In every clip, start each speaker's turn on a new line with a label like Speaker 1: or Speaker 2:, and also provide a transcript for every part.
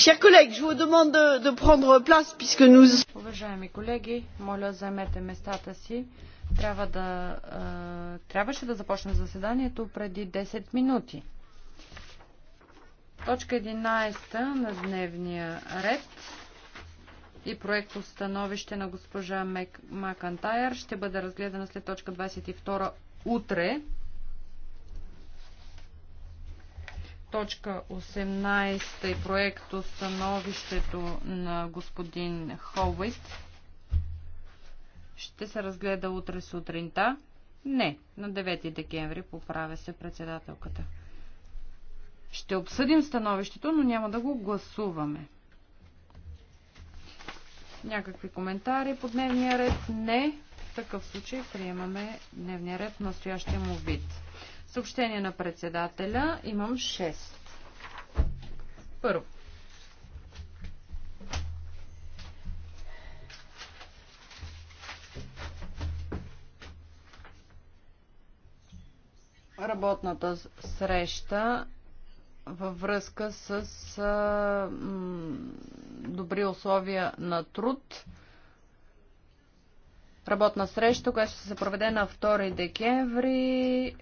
Speaker 1: Chers collègues, je vous demande de prendre place puisque nous.
Speaker 2: Уважаеми колеги, моля заемете местата си. Трябва да, трябваше да започнем заседанието преди 10 минути. Точка 11 на дневния ред и проект установище на госпожа Мак... Макантайр ще бъде разгледана след точка 22 утре, точка 18 и проекто становището на господин Холвейт ще се разгледа утре сутринта. Не, на 9 декември поправя се председателката. Ще обсъдим становището, но няма да го гласуваме. Някакви коментари по дневния ред? Не. В такъв случай приемаме дневния ред в настоящия му вид. Съобщение на председателя. Имам 6. Първо. Работната среща във връзка с добри условия на труд работна среща, която ще се проведе на 2 декември.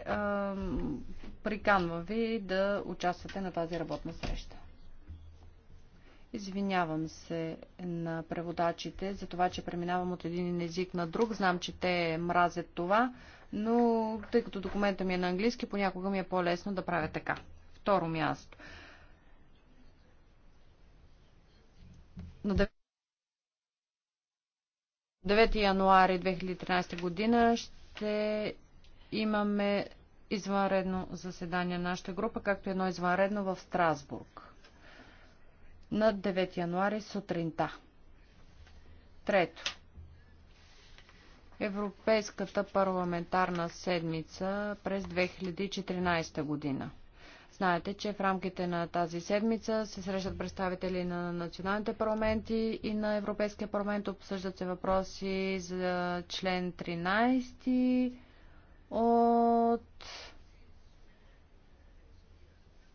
Speaker 2: Приканвам ви да участвате на тази работна среща. Извинявам се на преводачите за това, че преминавам от един език на друг. Знам, че те мразят това, но тъй като документа ми е на английски, понякога ми е по-лесно да правя така. Второ място. да... 9 януари 2013 година ще имаме извънредно заседание на нашата група, както едно извънредно в Страсбург на 9 януари сутринта. Трето. Европейската парламентарна седмица през 2014 година. Знаете, че в рамките на тази седмица се срещат представители на националните парламенти и на Европейския парламент. Обсъждат се въпроси за член 13 от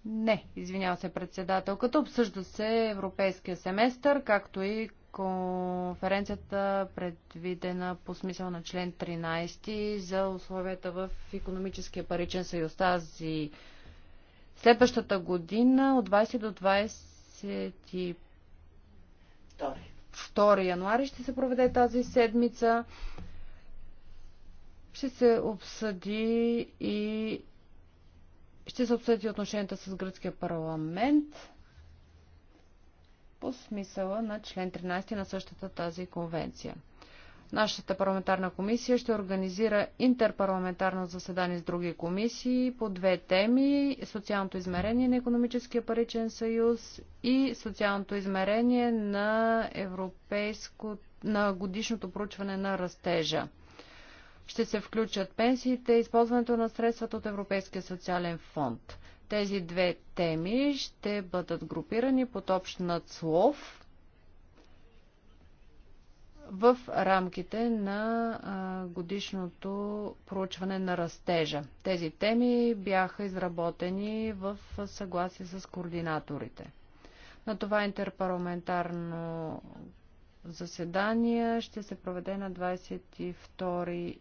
Speaker 2: не, извинява се председателката. Обсъжда се европейския семестър, както и конференцията, предвидена по смисъл на член 13 за условията в економическия паричен съюз. Тази Следващата година от 20 до 22 2 януари ще се проведе тази седмица. Ще се обсъди и ще се обсъди отношенията с гръцкия парламент по смисъла на член 13 на същата тази конвенция. Нашата парламентарна комисия ще организира интерпарламентарно заседание с други комисии по две теми – социалното измерение на економическия паричен съюз и социалното измерение на, европейско, на годишното проучване на растежа. Ще се включат пенсиите и използването на средствата от Европейския социален фонд. Тези две теми ще бъдат групирани под общ надслов в рамките на годишното проучване на растежа. Тези теми бяха изработени в съгласие с координаторите. На това интерпарламентарно заседание ще се проведе на 22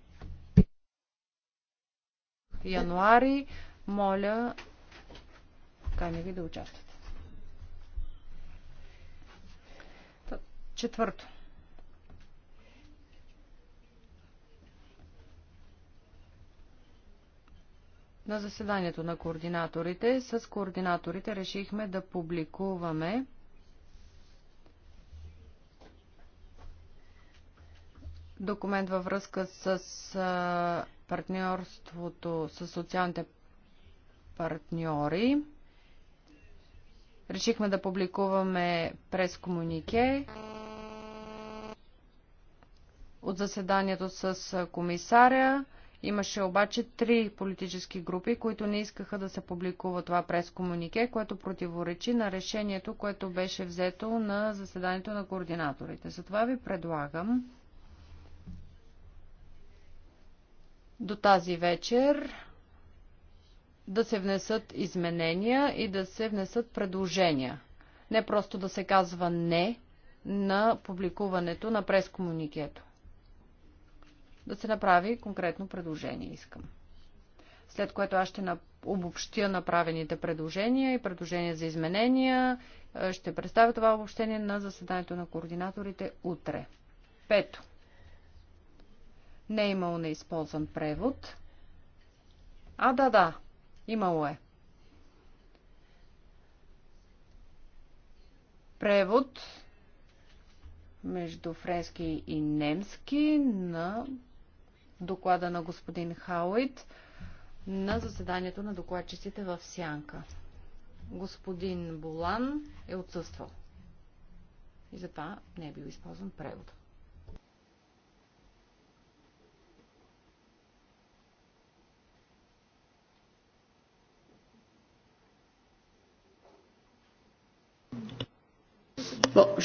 Speaker 2: януари. Моля, каня ви да участвате. Четвърто. На заседанието на координаторите с координаторите решихме да публикуваме документ във връзка с партньорството с социалните партньори. Решихме да публикуваме през комунике от заседанието с комисаря. Имаше обаче три политически групи, които не искаха да се публикува това прес-комунике, което противоречи на решението, което беше взето на заседанието на координаторите. Затова ви предлагам до тази вечер да се внесат изменения и да се внесат предложения. Не просто да се казва не на публикуването на прескомуникето да се направи конкретно предложение, искам. След което аз ще обобщя направените предложения и предложения за изменения. Е, ще представя това обобщение на заседанието на координаторите утре. Пето. Не е имало неизползван превод. А, да, да. Имало е. Превод между френски и немски на доклада на господин Хауит на заседанието на докладчиците в Сянка. Господин Болан е отсъствал. И затова не е бил използван превод.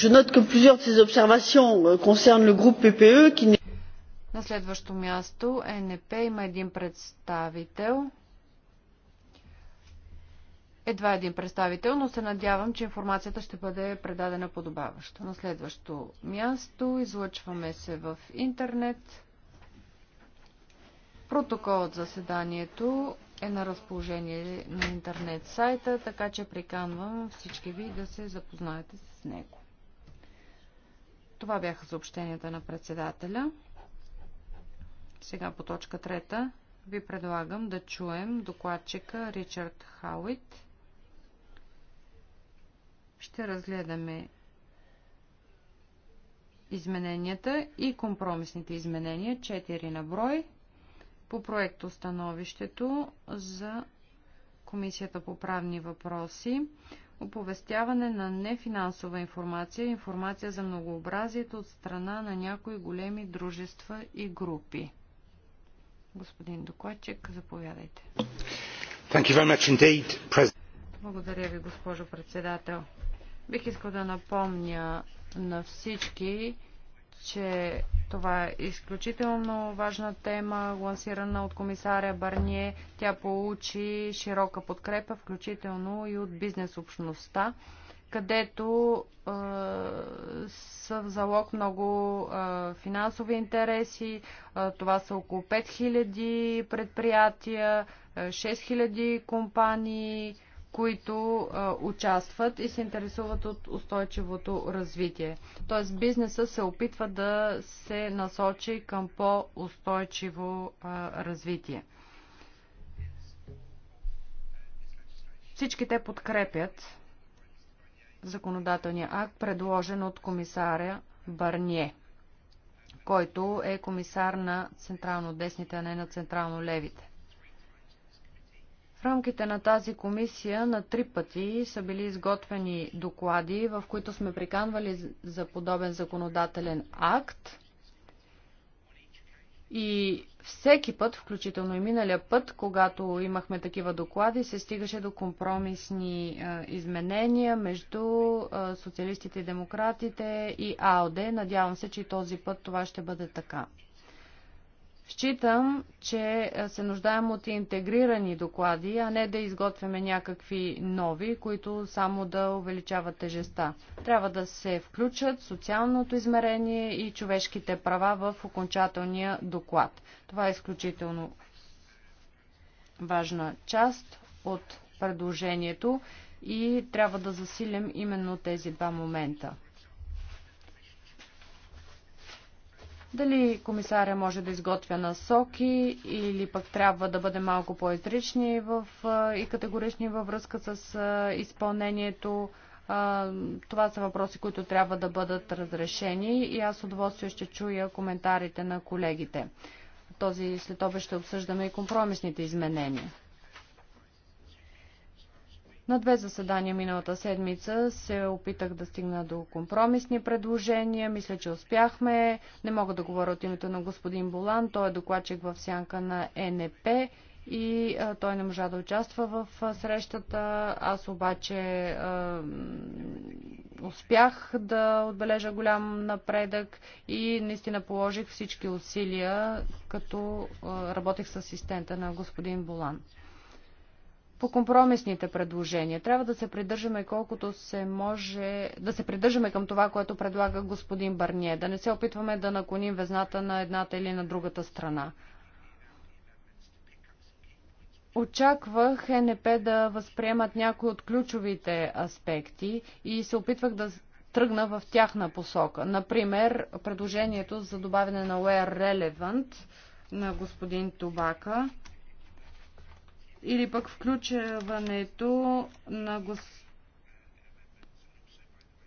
Speaker 2: je note que plusieurs de ces observations euh, concernent le groupe ppe qui на следващо място ЕНП има един представител. Едва един представител, но се надявам, че информацията ще бъде предадена подобаващо. На следващо място излъчваме се в интернет. Протокол от заседанието е на разположение на интернет сайта, така че приканвам всички ви да се запознаете с него. Това бяха съобщенията на председателя. Сега по точка трета ви предлагам да чуем докладчика Ричард Хауит. Ще разгледаме измененията и компромисните изменения, 4 на брой, по проекто становището за Комисията по правни въпроси, оповестяване на нефинансова информация, информация за многообразието от страна на някои големи дружества и групи. Господин докладчик, заповядайте.
Speaker 3: Thank you very much indeed,
Speaker 2: Благодаря ви, госпожо председател. Бих искал да напомня на всички, че това е изключително важна тема, лансирана от комисаря Барние. Тя получи широка подкрепа, включително и от бизнес общността където е, са в залог много е, финансови интереси. Е, това са около 5000 предприятия, е, 6000 компании, които а, участват и се интересуват от устойчивото развитие. Тоест бизнеса се опитва да се насочи към по-устойчиво развитие. Всички те подкрепят законодателния акт, предложен от комисаря Барние, който е комисар на централно-десните, а не на централно-левите. В рамките на тази комисия на три пъти са били изготвени доклади, в които сме приканвали за подобен законодателен акт. И всеки път, включително и миналия път, когато имахме такива доклади, се стигаше до компромисни изменения между социалистите и демократите и АОД. Надявам се, че и този път това ще бъде така. Считам, че е, се нуждаем от интегрирани доклади, а не да изготвяме някакви нови, които само да увеличават тежеста. Трябва да се включат социалното измерение и човешките права в окончателния доклад. Това е изключително важна част от предложението и трябва да засилим именно тези два момента. Дали комисаря може да изготвя насоки или пък трябва да бъде малко по-изрични и категорични във връзка с изпълнението. Това са въпроси, които трябва да бъдат разрешени и аз удоволствие ще чуя коментарите на колегите. Този след ще обсъждаме и компромисните изменения. На две заседания миналата седмица се опитах да стигна до компромисни предложения. Мисля, че успяхме. Не мога да говоря от името на господин Болан. Той е докладчик в сянка на НП и а, той не можа да участва в а, срещата. Аз обаче а, успях да отбележа голям напредък и наистина положих всички усилия, като а, работех с асистента на господин Болан по компромисните предложения. Трябва да се придържаме колкото се може, да се придържаме към това, което предлага господин Барние, да не се опитваме да наклоним везната на едната или на другата страна. Очаквах НП да възприемат някои от ключовите аспекти и се опитвах да тръгна в тяхна посока. Например, предложението за добавяне на Where Relevant на господин Тобака или пък включването на, гос...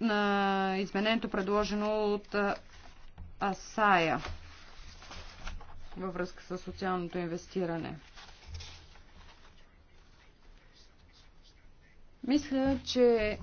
Speaker 2: на изменението предложено от Асая във връзка с социалното инвестиране. Мисля, че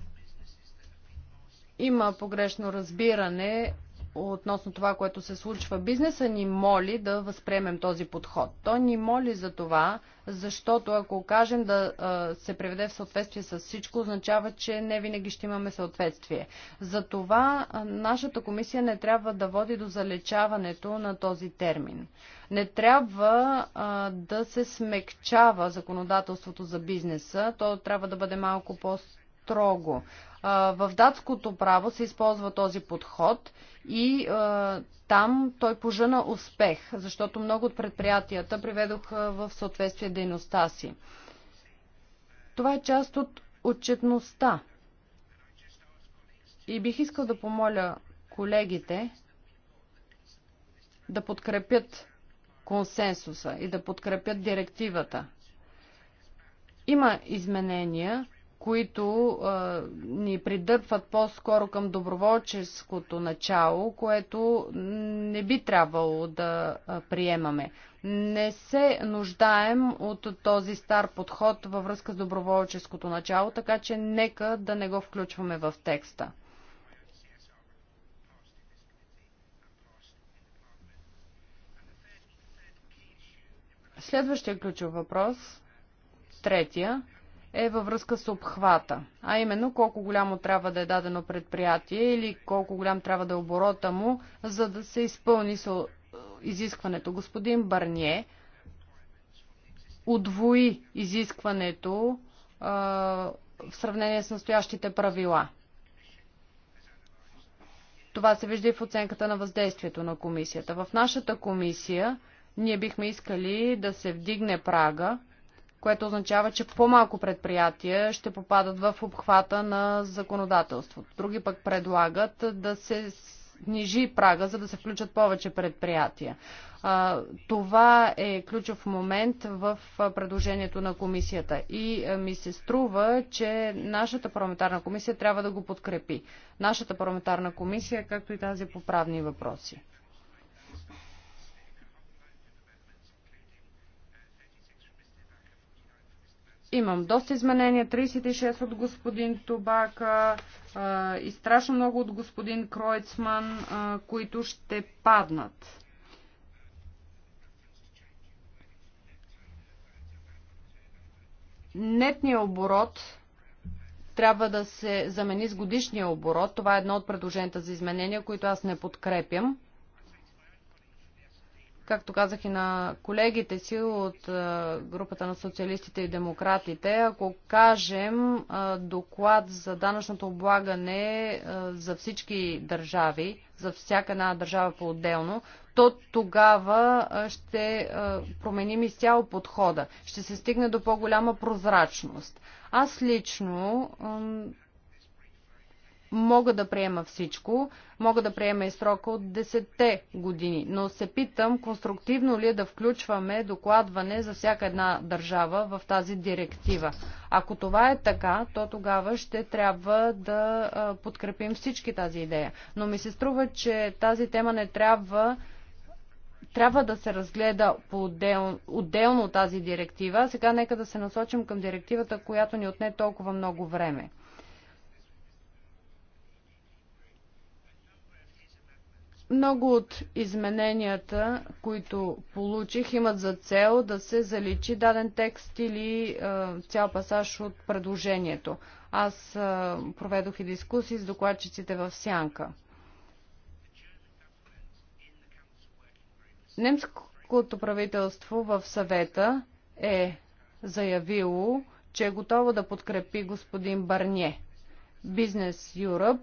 Speaker 2: има погрешно разбиране относно това, което се случва. Бизнеса ни моли да възприемем този подход. Той ни моли за това, защото ако кажем да се преведе в съответствие с всичко, означава, че не винаги ще имаме съответствие. За това нашата комисия не трябва да води до залечаването на този термин. Не трябва а, да се смекчава законодателството за бизнеса. То трябва да бъде малко по-строго. В датското право се използва този подход и там той пожена успех, защото много от предприятията приведоха в съответствие дейността си. Това е част от отчетността. И бих искал да помоля колегите да подкрепят консенсуса и да подкрепят директивата. Има изменения, които а, ни придърпват по-скоро към доброволческото начало, което не би трябвало да приемаме. Не се нуждаем от този стар подход във връзка с доброволческото начало, така че нека да не го включваме в текста. Следващия ключов въпрос, третия, е във връзка с обхвата, а именно колко голямо трябва да е дадено предприятие или колко голям трябва да е оборота му, за да се изпълни изискването. Господин Барние удвои изискването а, в сравнение с настоящите правила. Това се вижда и в оценката на въздействието на комисията. В нашата комисия ние бихме искали да се вдигне прага което означава, че по-малко предприятия ще попадат в обхвата на законодателството. Други пък предлагат да се снижи прага, за да се включат повече предприятия. Това е ключов момент в предложението на комисията и ми се струва, че нашата парламентарна комисия трябва да го подкрепи. Нашата парламентарна комисия, както и тази по правни въпроси. Имам доста изменения, 36 от господин Тобака а, и страшно много от господин Кройцман, а, които ще паднат. Нетният оборот трябва да се замени с годишния оборот. Това е едно от предложенията за изменения, които аз не подкрепям. Както казах и на колегите си от групата на социалистите и демократите, ако кажем доклад за данъчното облагане за всички държави, за всяка една държава по-отделно, то тогава ще променим изцяло подхода. Ще се стигне до по-голяма прозрачност. Аз лично мога да приема всичко, мога да приема и срока от 10-те години, но се питам конструктивно ли е да включваме докладване за всяка една държава в тази директива. Ако това е така, то тогава ще трябва да подкрепим всички тази идея. Но ми се струва, че тази тема не трябва трябва да се разгледа по-отделно отделно тази директива. Сега нека да се насочим към директивата, която ни отне толкова много време. Много от измененията, които получих, имат за цел да се заличи даден текст или е, цял пасаж от предложението. Аз е, проведох и дискусии с докладчиците в Сянка. Немското правителство в съвета е заявило, че е готово да подкрепи господин Барне Бизнес Europe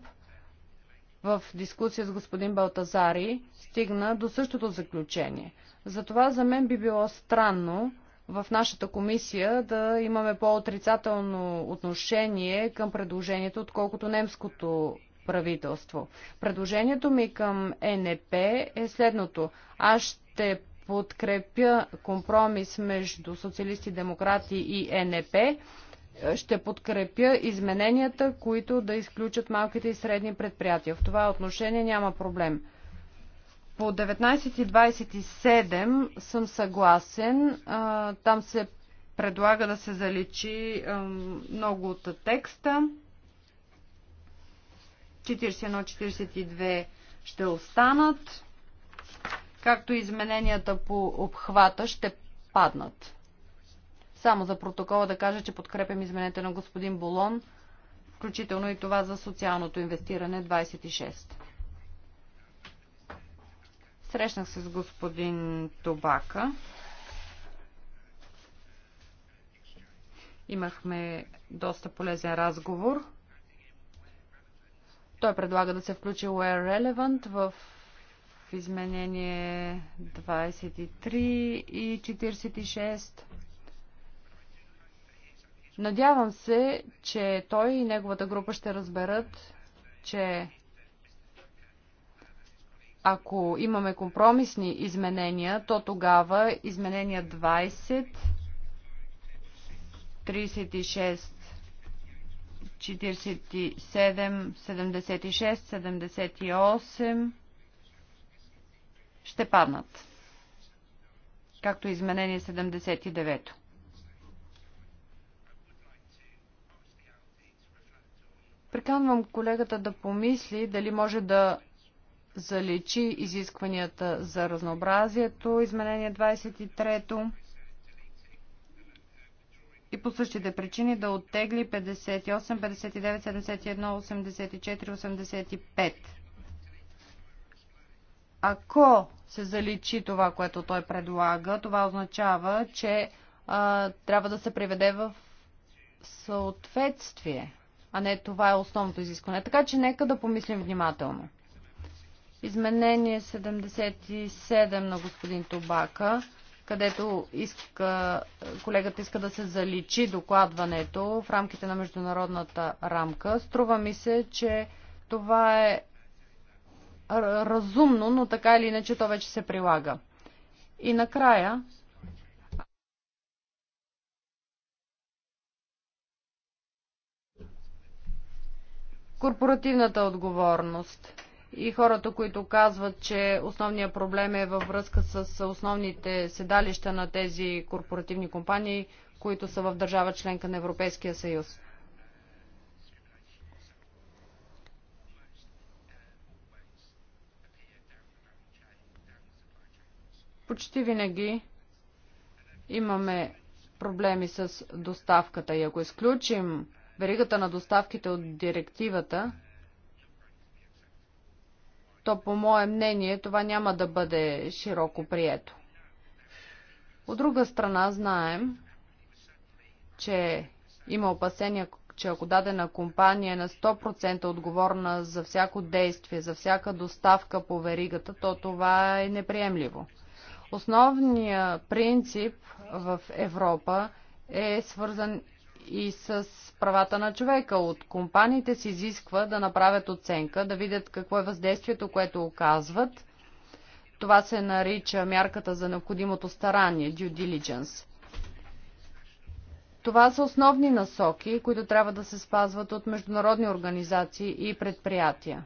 Speaker 2: в дискусия с господин Балтазари стигна до същото заключение. Затова за мен би било странно в нашата комисия да имаме по-отрицателно отношение към предложението, отколкото немското правителство. Предложението ми към ЕНП е следното. Аз ще подкрепя компромис между социалисти, демократи и ЕНП, ще подкрепя измененията, които да изключат малките и средни предприятия. В това отношение няма проблем. По 19.27 съм съгласен. Там се предлага да се заличи много от текста. 41-42 ще останат, както измененията по обхвата ще паднат. Само за протокола да кажа, че подкрепям изменете на господин Болон, включително и това за социалното инвестиране 26. Срещнах се с господин Тобака. Имахме доста полезен разговор. Той предлага да се включи Where Relevant в изменение 23 и 46. Надявам се, че той и неговата група ще разберат, че ако имаме компромисни изменения, то тогава изменения 20, 36, 47, 76, 78 ще паднат, както изменение 79. Приканвам колегата да помисли дали може да заличи изискванията за разнообразието, изменение 23-то и по същите причини да оттегли 58, 59, 71, 84, 85. Ако се заличи това, което той предлага, това означава, че а, трябва да се приведе в съответствие а не това е основното изискване. Така че нека да помислим внимателно. Изменение 77 на господин Тобака, където иска, колегата иска да се заличи докладването в рамките на международната рамка. Струва ми се, че това е разумно, но така или иначе то вече се прилага. И накрая Корпоративната отговорност и хората, които казват, че основният проблем е във връзка с основните седалища на тези корпоративни компании, които са в държава членка на Европейския съюз. Почти винаги имаме проблеми с доставката и ако изключим веригата на доставките от директивата, то по мое мнение това няма да бъде широко прието. От друга страна знаем, че има опасения, че ако дадена компания е на 100% отговорна за всяко действие, за всяка доставка по веригата, то това е неприемливо. Основният принцип в Европа е свързан и с правата на човека. От компаниите се изисква да направят оценка, да видят какво е въздействието, което оказват. Това се нарича мярката за необходимото старание, due diligence. Това са основни насоки, които трябва да се спазват от международни организации и предприятия.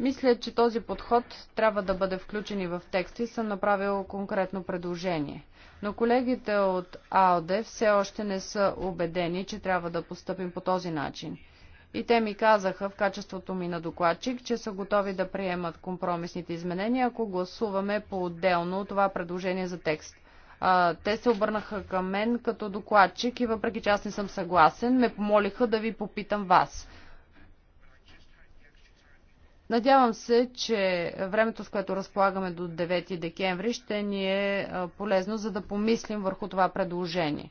Speaker 2: Мисля, че този подход трябва да бъде включен и в текста и съм направил конкретно предложение. Но колегите от АОД все още не са убедени, че трябва да поступим по този начин. И те ми казаха в качеството ми на докладчик, че са готови да приемат компромисните изменения, ако гласуваме по-отделно това предложение за текст. А, те се обърнаха към мен като докладчик и въпреки че аз не съм съгласен, ме помолиха да ви попитам вас. Надявам се, че времето, с което разполагаме до 9 декември, ще ни е полезно, за да помислим върху това предложение.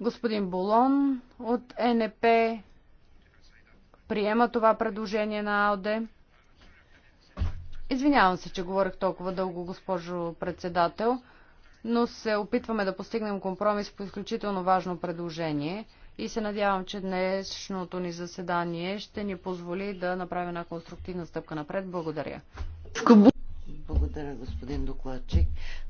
Speaker 2: Господин Болон от НП приема това предложение на АОДЕ. Извинявам се, че говорих толкова дълго, госпожо председател, но се опитваме да постигнем компромис по изключително важно предложение – и се надявам, че днешното ни заседание ще ни позволи да направим една конструктивна стъпка напред. Благодаря.
Speaker 3: Благодаря, господин докладчик.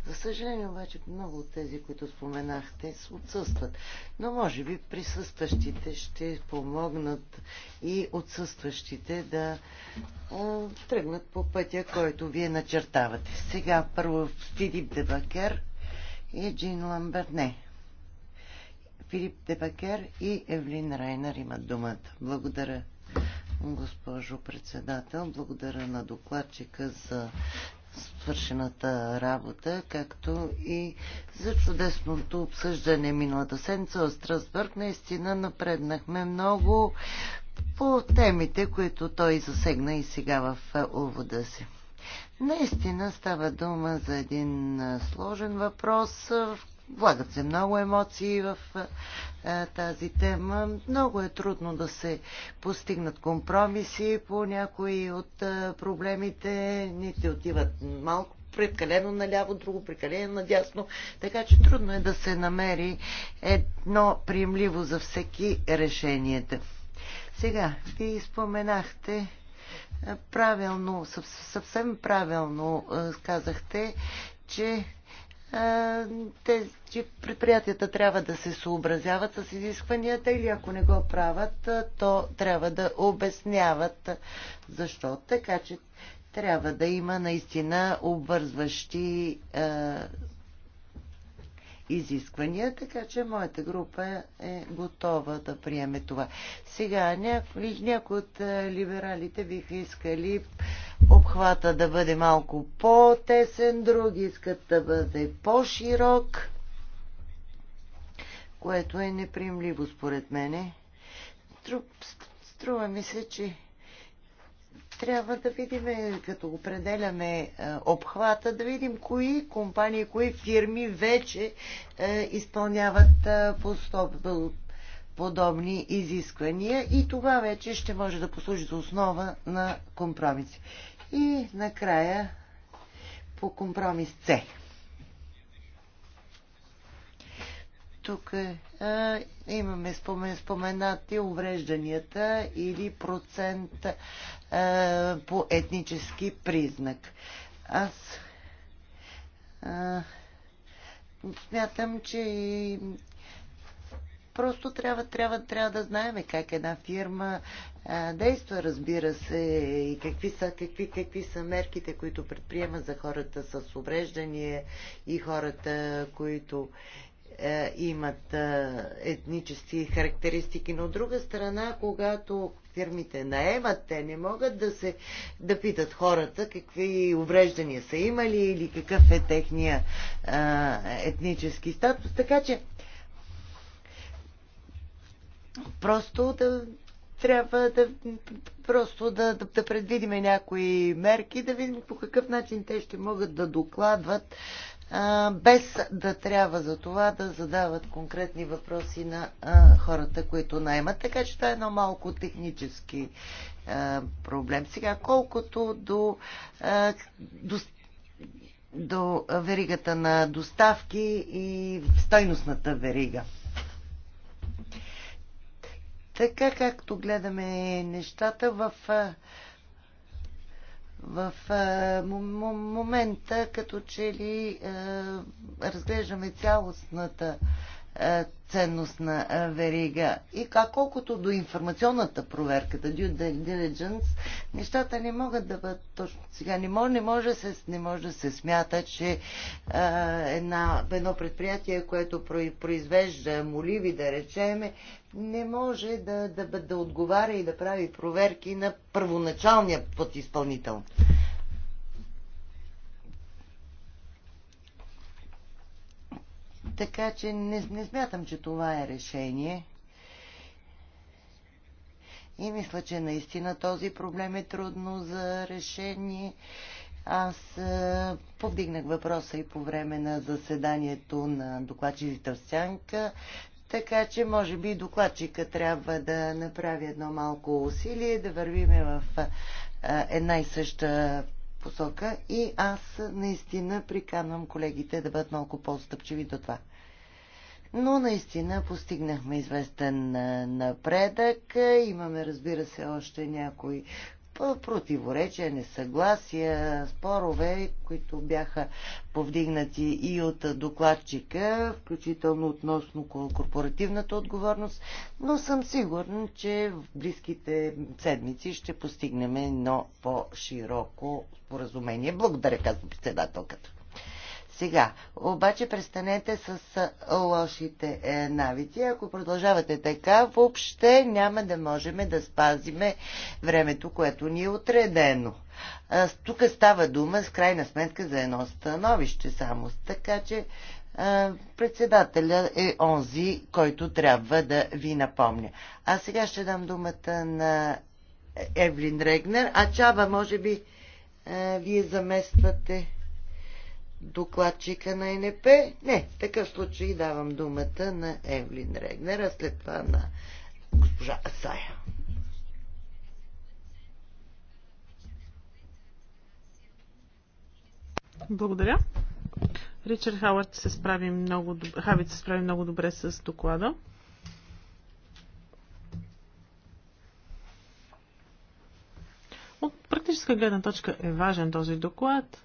Speaker 3: За съжаление обаче много от тези, които споменахте, отсъстват. Но може би присъстващите ще помогнат и отсъстващите да а, тръгнат по пътя, който вие начертавате. Сега първо Филип Дебакер и Джин Ламберне. Филип Дебакер и Евлин Райнер имат думата. Благодаря, госпожо председател. Благодаря на докладчика за свършената работа, както и за чудесното обсъждане миналата седмица от Страсбърг. Наистина напреднахме много по темите, които той засегна и сега в увода си. Наистина става дума за един сложен въпрос, в Влагат се много емоции в а, тази тема. Много е трудно да се постигнат компромиси по някои от а, проблемите. Ните отиват малко прекалено наляво, друго прекалено надясно. Така че трудно е да се намери едно приемливо за всеки решението. Сега, ви споменахте правилно, съвсем правилно казахте, че тези предприятията трябва да се съобразяват с изискванията или ако не го правят, то трябва да обясняват защо. Така че трябва да има наистина обвързващи е, изисквания, така че моята група е готова да приеме това. Сега някои, няко от либералите биха искали обхвата да бъде малко по-тесен, други искат да бъде по-широк, което е неприемливо според мене. Струва ми се, че трябва да видим, като определяме е, обхвата, да видим кои компании, кои фирми вече е, изпълняват е, подобни изисквания и това вече ще може да послужи за основа на компромиси. И накрая по компромис С. тук е, а, имаме спомен, споменати уврежданията или процент а, по етнически признак. Аз а, смятам, че и просто трябва, трябва, трябва да знаем как една фирма а, действа, разбира се, и какви са, какви, какви са мерките, които предприема за хората с увреждания и хората, които е, имат е, етнически характеристики, но от друга страна, когато фирмите наемат, те не могат да се да питат хората какви увреждания са имали или какъв е техния е, етнически статус. Така че просто да трябва да просто да, да, да предвидиме някои мерки, да видим по какъв начин те ще могат да докладват без да трябва за това да задават конкретни въпроси на хората, които наймат. Така че това е едно малко технически проблем. Сега, колкото до, до, до веригата на доставки и стойностната верига. Така както гледаме нещата в в момента като че ли разглеждаме цялостната е, ценностна е, верига. И как колкото до информационната проверката, due diligence, нещата не могат да бъдат точно сега. Не може, не може, се, не може да се смята, че е, една, едно предприятие, което произвежда моливи, да речеме, не може да, да, да, да отговаря и да прави проверки на първоначалния подизпълнител. изпълнител. Така че не, не смятам, че това е решение. И мисля, че наистина този проблем е трудно за решение. Аз повдигнах въпроса и по време на заседанието на докладчиците в Сянка, така че може би докладчика трябва да направи едно малко усилие, да вървиме в една и съща посока и аз наистина приканвам колегите да бъдат малко по-стъпчиви до това но наистина постигнахме известен напредък. Имаме, разбира се, още някои противоречия, несъгласия, спорове, които бяха повдигнати и от докладчика, включително относно корпоративната отговорност, но съм сигурна, че в близките седмици ще постигнем едно по-широко споразумение. Благодаря, казва председателката. Сега, обаче престанете с лошите е, навици. Ако продължавате така, въобще няма да можем да спазиме времето, което ни е отредено. тук става дума, с крайна сметка, за едно становище само. Така че е, председателя е онзи, който трябва да ви напомня. А сега ще дам думата на Евлин Регнер. А Чаба, може би, е, вие замествате докладчика на НП? Не, в такъв случай давам думата на Евлин Регнер, а след това на госпожа Асая.
Speaker 1: Благодаря. Ричард Хавард се справи много, доб... Хавит се справи много добре с доклада. От практическа гледна точка е важен този доклад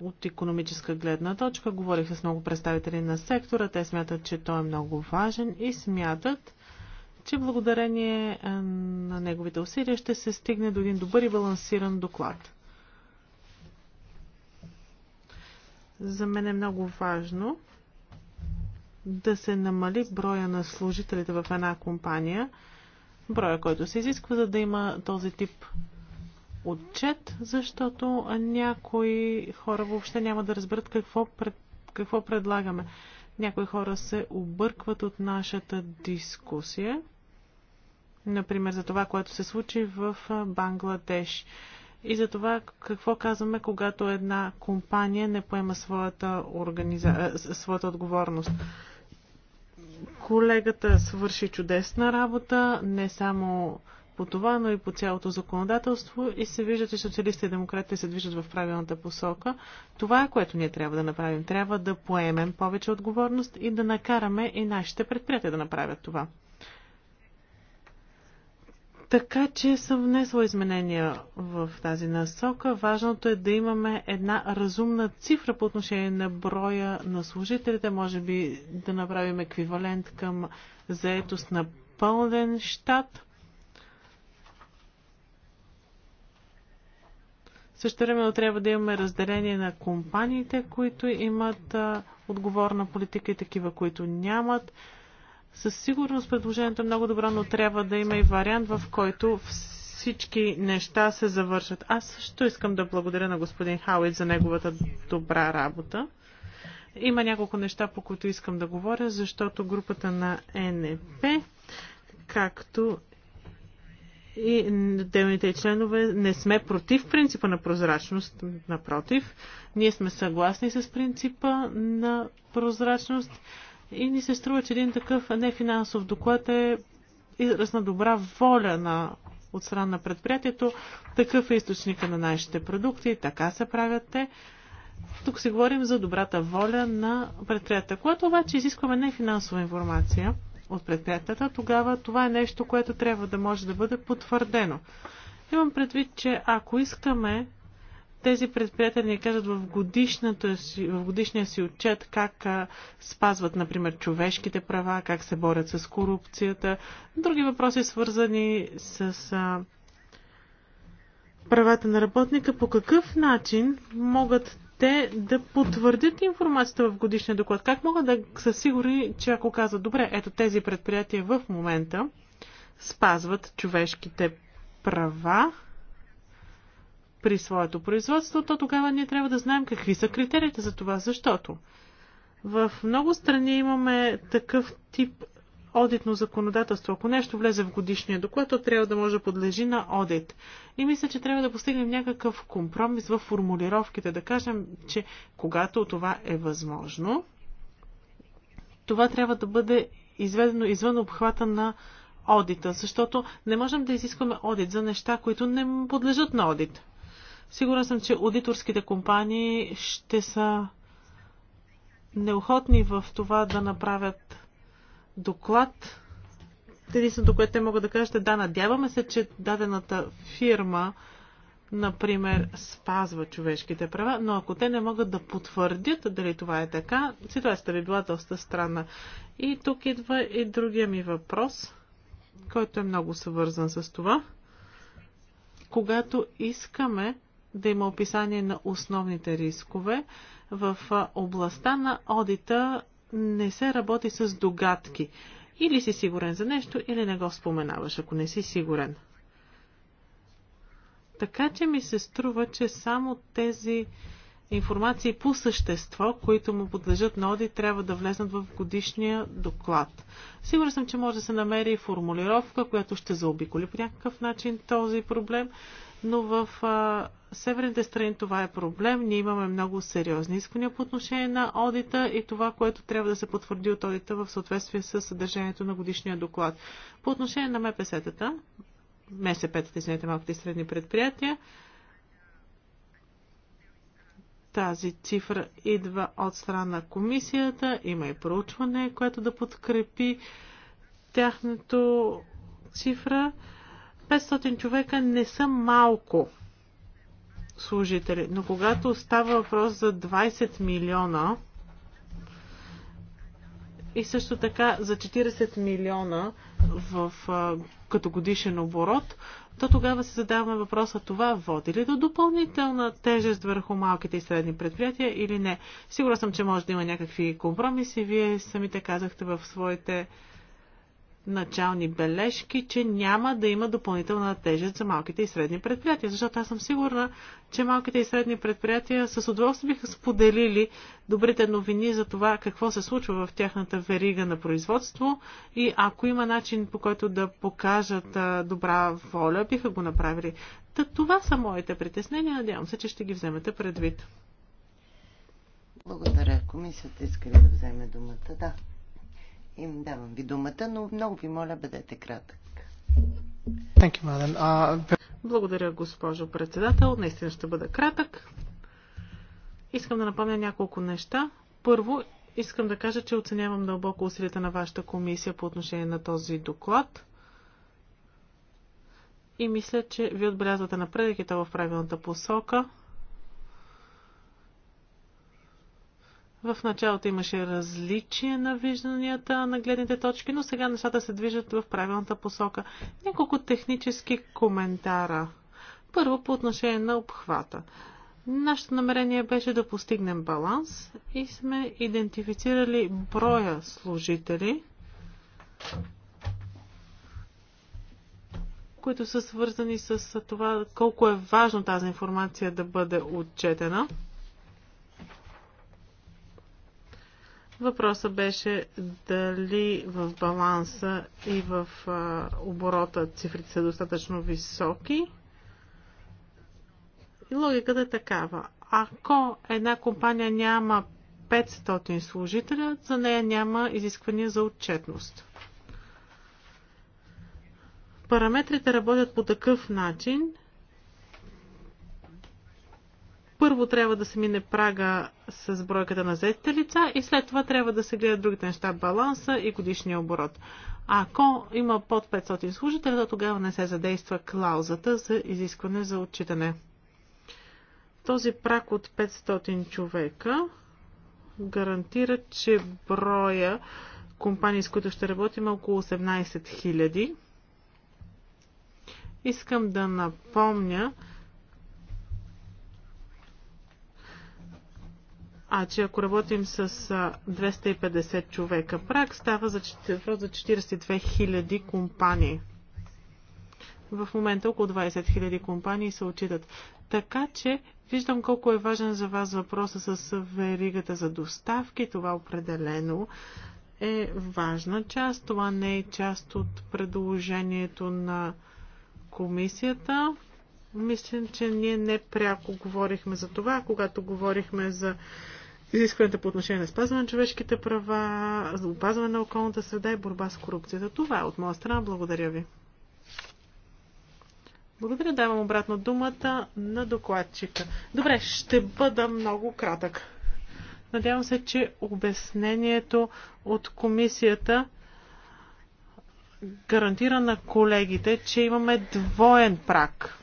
Speaker 1: от економическа гледна точка. Говорих с много представители на сектора. Те смятат, че той е много важен и смятат, че благодарение е, на неговите усилия ще се стигне до един добър и балансиран доклад. За мен е много важно да се намали броя на служителите в една компания, броя, който се изисква, за да има този тип отчет, защото някои хора въобще няма да разберат какво, пред, какво предлагаме. Някои хора се объркват от нашата дискусия. Например, за това, което се случи в Бангладеш. И за това какво казваме, когато една компания не поема своята, организа... своята отговорност колегата свърши чудесна работа, не само по това, но и по цялото законодателство и се вижда, че социалистите и демократите се движат в правилната посока. Това е което ние трябва да направим. Трябва да поемем повече отговорност и да накараме и нашите предприятия да направят това. Така че съм внесла изменения в тази насока. Важното е да имаме една разумна цифра по отношение на броя на служителите. Може би да направим еквивалент към заетост на пълнен щат. Също време трябва да имаме разделение на компаниите, които имат а, отговорна политика и такива, които нямат. Със сигурност предложението е много добро, но трябва да има и вариант, в който всички неща се завършат. Аз също искам да благодаря на господин Хауит за неговата добра работа. Има няколко неща, по които искам да говоря, защото групата на НП, както и отделните членове не сме против принципа на прозрачност. Напротив, ние сме съгласни с принципа на прозрачност и ни се струва, че един такъв нефинансов доклад е израз на добра воля на от страна на предприятието. Такъв е източника на нашите продукти, така се правят те. Тук си говорим за добрата воля на предприятията. Когато обаче изискваме нефинансова информация, от предприятията, тогава това е нещо, което трябва да може да бъде потвърдено. Имам предвид, че ако искаме тези предприятия да ни кажат в, си, в годишния си отчет как а, спазват, например, човешките права, как се борят с корупцията, други въпроси свързани с а, правата на работника, по какъв начин могат те да потвърдят информацията в годишния доклад? Как могат да са сигурни, че ако казват, добре, ето тези предприятия в момента спазват човешките права при своето производство, то тогава ние трябва да знаем какви са критериите за това, защото в много страни имаме такъв тип одитно законодателство. Ако нещо влезе в годишния доклад, то трябва да може да подлежи на одит. И мисля, че трябва да постигнем някакъв компромис в формулировките, да кажем, че когато това е възможно, това трябва да бъде изведено извън обхвата на одита, защото не можем да изискваме одит за неща, които не подлежат на одит. Сигурен съм, че аудиторските компании ще са неохотни в това да направят доклад, единственото, което те могат да кажат е да, надяваме се, че дадената фирма например, спазва човешките права, но ако те не могат да потвърдят дали това е така, ситуацията би била доста странна. И тук идва и другия ми въпрос, който е много съвързан с това. Когато искаме да има описание на основните рискове, в областта на одита не се работи с догадки. Или си сигурен за нещо, или не го споменаваш, ако не си сигурен. Така че ми се струва, че само тези информации по същество, които му подлежат на оди, трябва да влезнат в годишния доклад. Сигурен съм, че може да се намери формулировка, която ще заобиколи по някакъв начин този проблем, но в а, северните страни това е проблем. Ние имаме много сериозни искания по отношение на одита и това, което трябва да се потвърди от одита в съответствие с съдържанието на годишния доклад. По отношение на МПС-тата, МСП-тата, извинете, малките и средни предприятия, тази цифра идва от страна на комисията, има и проучване, което да подкрепи тяхното цифра. 500 човека не са малко служители, но когато става въпрос за 20 милиона и също така за 40 милиона в, като годишен оборот, то тогава се задаваме въпроса това води ли до допълнителна тежест върху малките и средни предприятия или не. Сигурна съм, че може да има някакви компромиси. Вие самите казахте в своите начални бележки, че няма да има допълнителна тежест за малките и средни предприятия, защото аз съм сигурна, че малките и средни предприятия с удоволствие биха споделили добрите новини за това какво се случва в тяхната верига на производство и ако има начин по който да покажат добра воля, биха го направили. Та това са моите притеснения, надявам се, че ще ги вземете предвид.
Speaker 3: Благодаря. Комисията иска да вземе думата? Да им давам ви думата, но много ви моля, бъдете кратък. Благодаря, госпожо
Speaker 1: председател. Наистина ще бъда кратък. Искам да напомня няколко неща. Първо, искам да кажа, че оценявам дълбоко усилията на вашата комисия по отношение на този доклад. И мисля, че ви отбелязвате напредък и то в правилната посока. В началото имаше различие на вижданията на гледните точки, но сега нещата се движат в правилната посока. Няколко технически коментара. Първо по отношение на обхвата. Нашето намерение беше да постигнем баланс и сме идентифицирали броя служители, които са свързани с това колко е важно тази информация да бъде отчетена. Въпросът беше дали в баланса и в а, оборота цифрите са достатъчно високи. И логиката е такава. Ако една компания няма 500 служителя, за нея няма изисквания за отчетност. Параметрите работят по такъв начин, първо трябва да се мине прага с бройката на заетите лица и след това трябва да се гледат другите неща, баланса и годишния оборот. Ако има под 500 служителя, то тогава не се задейства клаузата за изискване за отчитане. Този прак от 500 човека гарантира, че броя компании, с които ще работим, е около 18 000. Искам да напомня, А че ако работим с 250 човека прак, става за 42 000 компании. В момента около 20 000 компании се отчитат. Така че виждам колко е важен за вас въпроса с веригата за доставки. Това определено е важна част. Това не е част от предложението на комисията. Мисля, че ние не пряко говорихме за това, когато говорихме за изискването по отношение на спазване на човешките права, за опазване на околната среда и борба с корупцията. Това е от моя страна. Благодаря ви. Благодаря. Давам обратно думата на докладчика. Добре, ще бъда много кратък. Надявам се, че обяснението от комисията гарантира на колегите, че имаме двоен прак.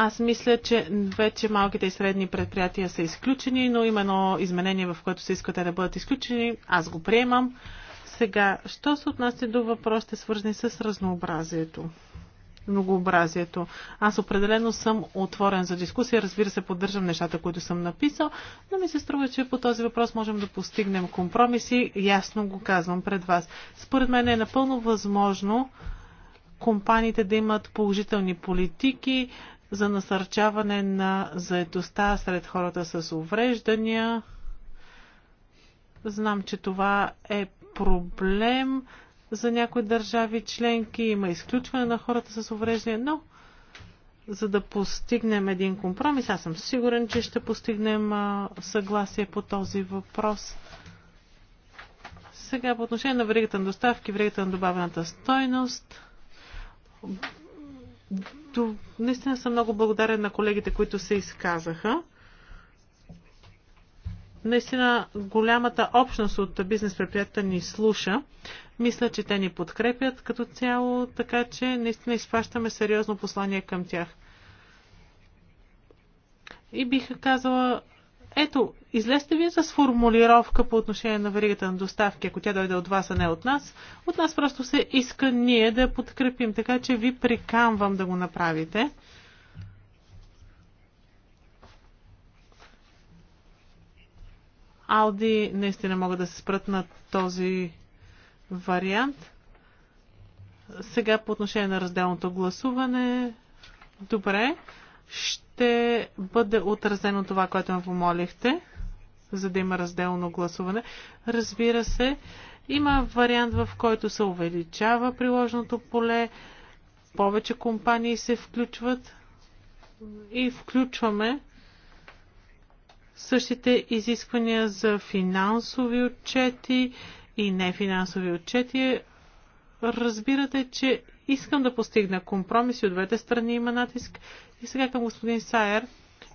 Speaker 1: Аз мисля, че вече малките и средни предприятия са изключени, но има едно изменение, в което се искате да бъдат изключени. Аз го приемам. Сега, що се отнася до въпросите, свързани с разнообразието? многообразието. Аз определено съм отворен за дискусия. Разбира се, поддържам нещата, които съм написал, но ми се струва, че по този въпрос можем да постигнем компромиси. Ясно го казвам пред вас. Според мен е напълно възможно компаниите да имат положителни политики, за насърчаване на заедостта сред хората с увреждания. Знам, че това е проблем за някои държави членки, има изключване на хората с увреждания, но за да постигнем един компромис, аз съм сигурен, че ще постигнем съгласие по този въпрос. Сега по отношение на веригата на доставки, веригата на добавената стойност, наистина съм много благодарен на колегите, които се изказаха. Наистина голямата общност от бизнес предприятията ни слуша. Мисля, че те ни подкрепят като цяло, така че наистина изпращаме сериозно послание към тях. И бих казала ето, излезте вие с формулировка по отношение на веригата на доставки, ако тя дойде от вас, а не от нас. От нас просто се иска ние да я подкрепим, така че ви прикамвам да го направите. Ауди наистина могат да се спрат на този вариант. Сега по отношение на разделното гласуване. Добре ще бъде отразено това, което ме помолихте, за да има разделно гласуване. Разбира се, има вариант, в който се увеличава приложното поле, повече компании се включват и включваме същите изисквания за финансови отчети и нефинансови отчети. Разбирате, че искам да постигна компромиси от двете страни има натиск. И сега към господин Сайер.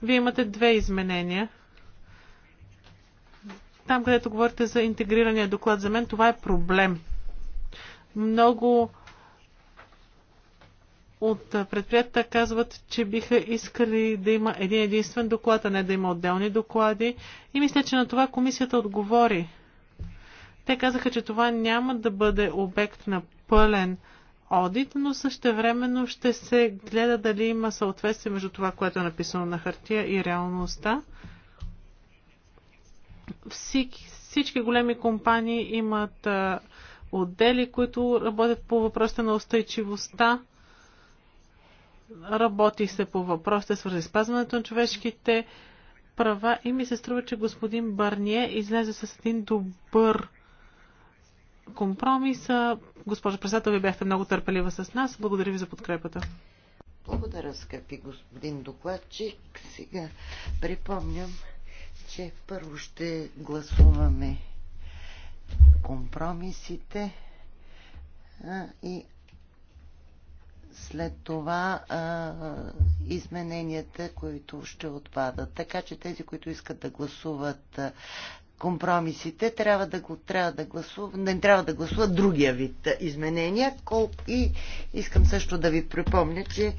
Speaker 1: Вие имате две изменения. Там, където говорите за интегрирания доклад, за мен това е проблем. Много от предприятията казват, че биха искали да има един единствен доклад, а не да има отделни доклади. И мисля, че на това комисията отговори. Те казаха, че това няма да бъде обект на пълен одит, но същевременно ще се гледа дали има съответствие между това, което е написано на хартия и реалността. Всички, всички големи компании имат а, отдели, които работят по въпросите на устойчивостта. Работи се по въпросите свързани с пазването на човешките права и ми се струва, че господин Барние излезе с един добър компромиса. Госпожо председател, ви бяхте много търпелива с нас. Благодаря ви за подкрепата.
Speaker 3: Благодаря, скъпи господин докладчик. Сега припомням, че първо ще гласуваме компромисите а, и след това а, измененията, които ще отпадат. Така че тези, които искат да гласуват а, компромисите трябва да, го, трябва да гласува, не трябва да гласува другия вид изменения. Кол... И искам също да ви припомня, че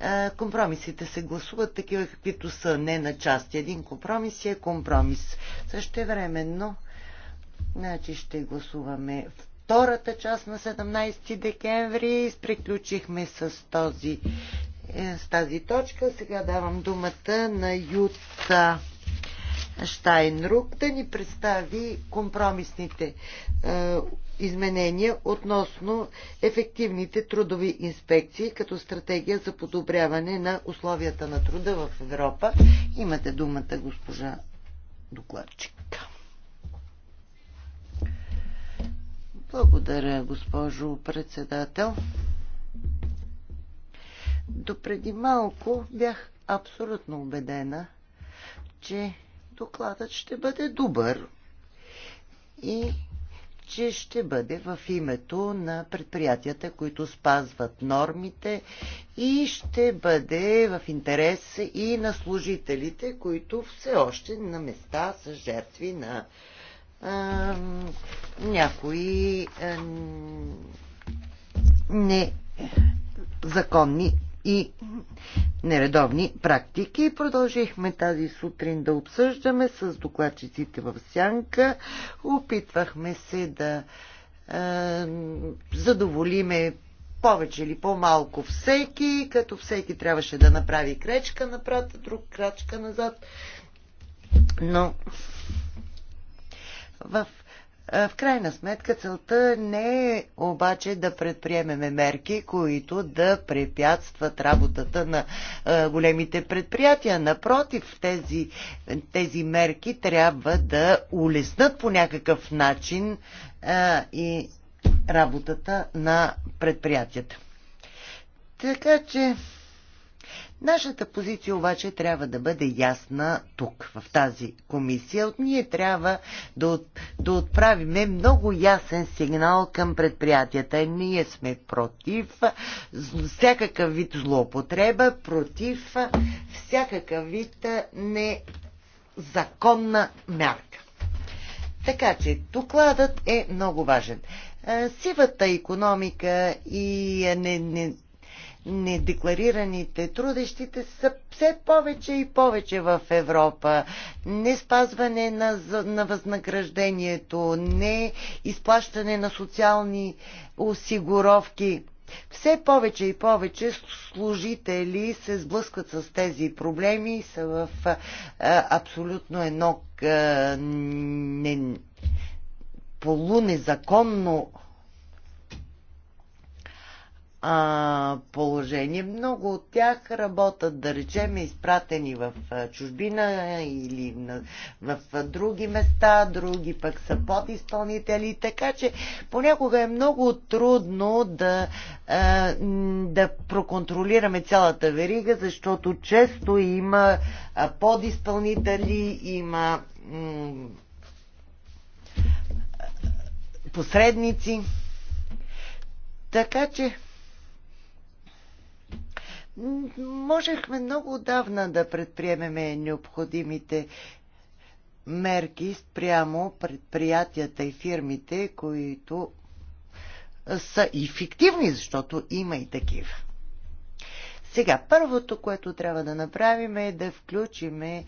Speaker 3: а, компромисите се гласуват такива, каквито са, не на части. Един компромис е компромис. Също временно, значи ще гласуваме втората част на 17 декември. Приключихме с този е, с тази точка. Сега давам думата на Юта. Штайнрук да ни представи компромисните е, изменения относно ефективните трудови инспекции като стратегия за подобряване на условията на труда в Европа. Имате думата, госпожа Докладчик. Благодаря, госпожо председател. Допреди малко бях абсолютно убедена, че докладът ще бъде добър и че ще бъде в името на предприятията, които спазват нормите и ще бъде в интерес и на служителите, които все още на места са жертви на а, някои а, незаконни и нередовни практики. Продължихме тази сутрин да обсъждаме с докладчиците в сянка. Опитвахме се да е, задоволиме повече или по-малко всеки, като всеки трябваше да направи крачка напред, друг крачка назад. Но в в крайна сметка целта не е обаче да предприемеме мерки, които да препятстват работата на големите предприятия. Напротив, тези, тези мерки трябва да улеснат по някакъв начин и работата на предприятията. Така че Нашата позиция обаче трябва да бъде ясна тук, в тази комисия. От ние трябва да, да отправиме много ясен сигнал към предприятията. Ние сме против всякакъв вид злоупотреба, против всякакъв вид незаконна мярка. Така че докладът е много важен. Е, сивата економика и е, не, не, недекларираните трудещите са все повече и повече в Европа. Не спазване на, на възнаграждението, не изплащане на социални осигуровки. Все повече и повече служители се сблъскват с тези проблеми и са в а, абсолютно едно а, не, полунезаконно а, положение. Много от тях работят, да речем, изпратени в чужбина или на, в други места, други пък са подизпълнители, така че понякога е много трудно да, а, да проконтролираме цялата верига, защото често има подизпълнители, има посредници. Така че Можехме много отдавна да предприемеме необходимите мерки спрямо предприятията и фирмите, които са и фиктивни, защото има и такива. Сега, първото, което трябва да направим е да включим е,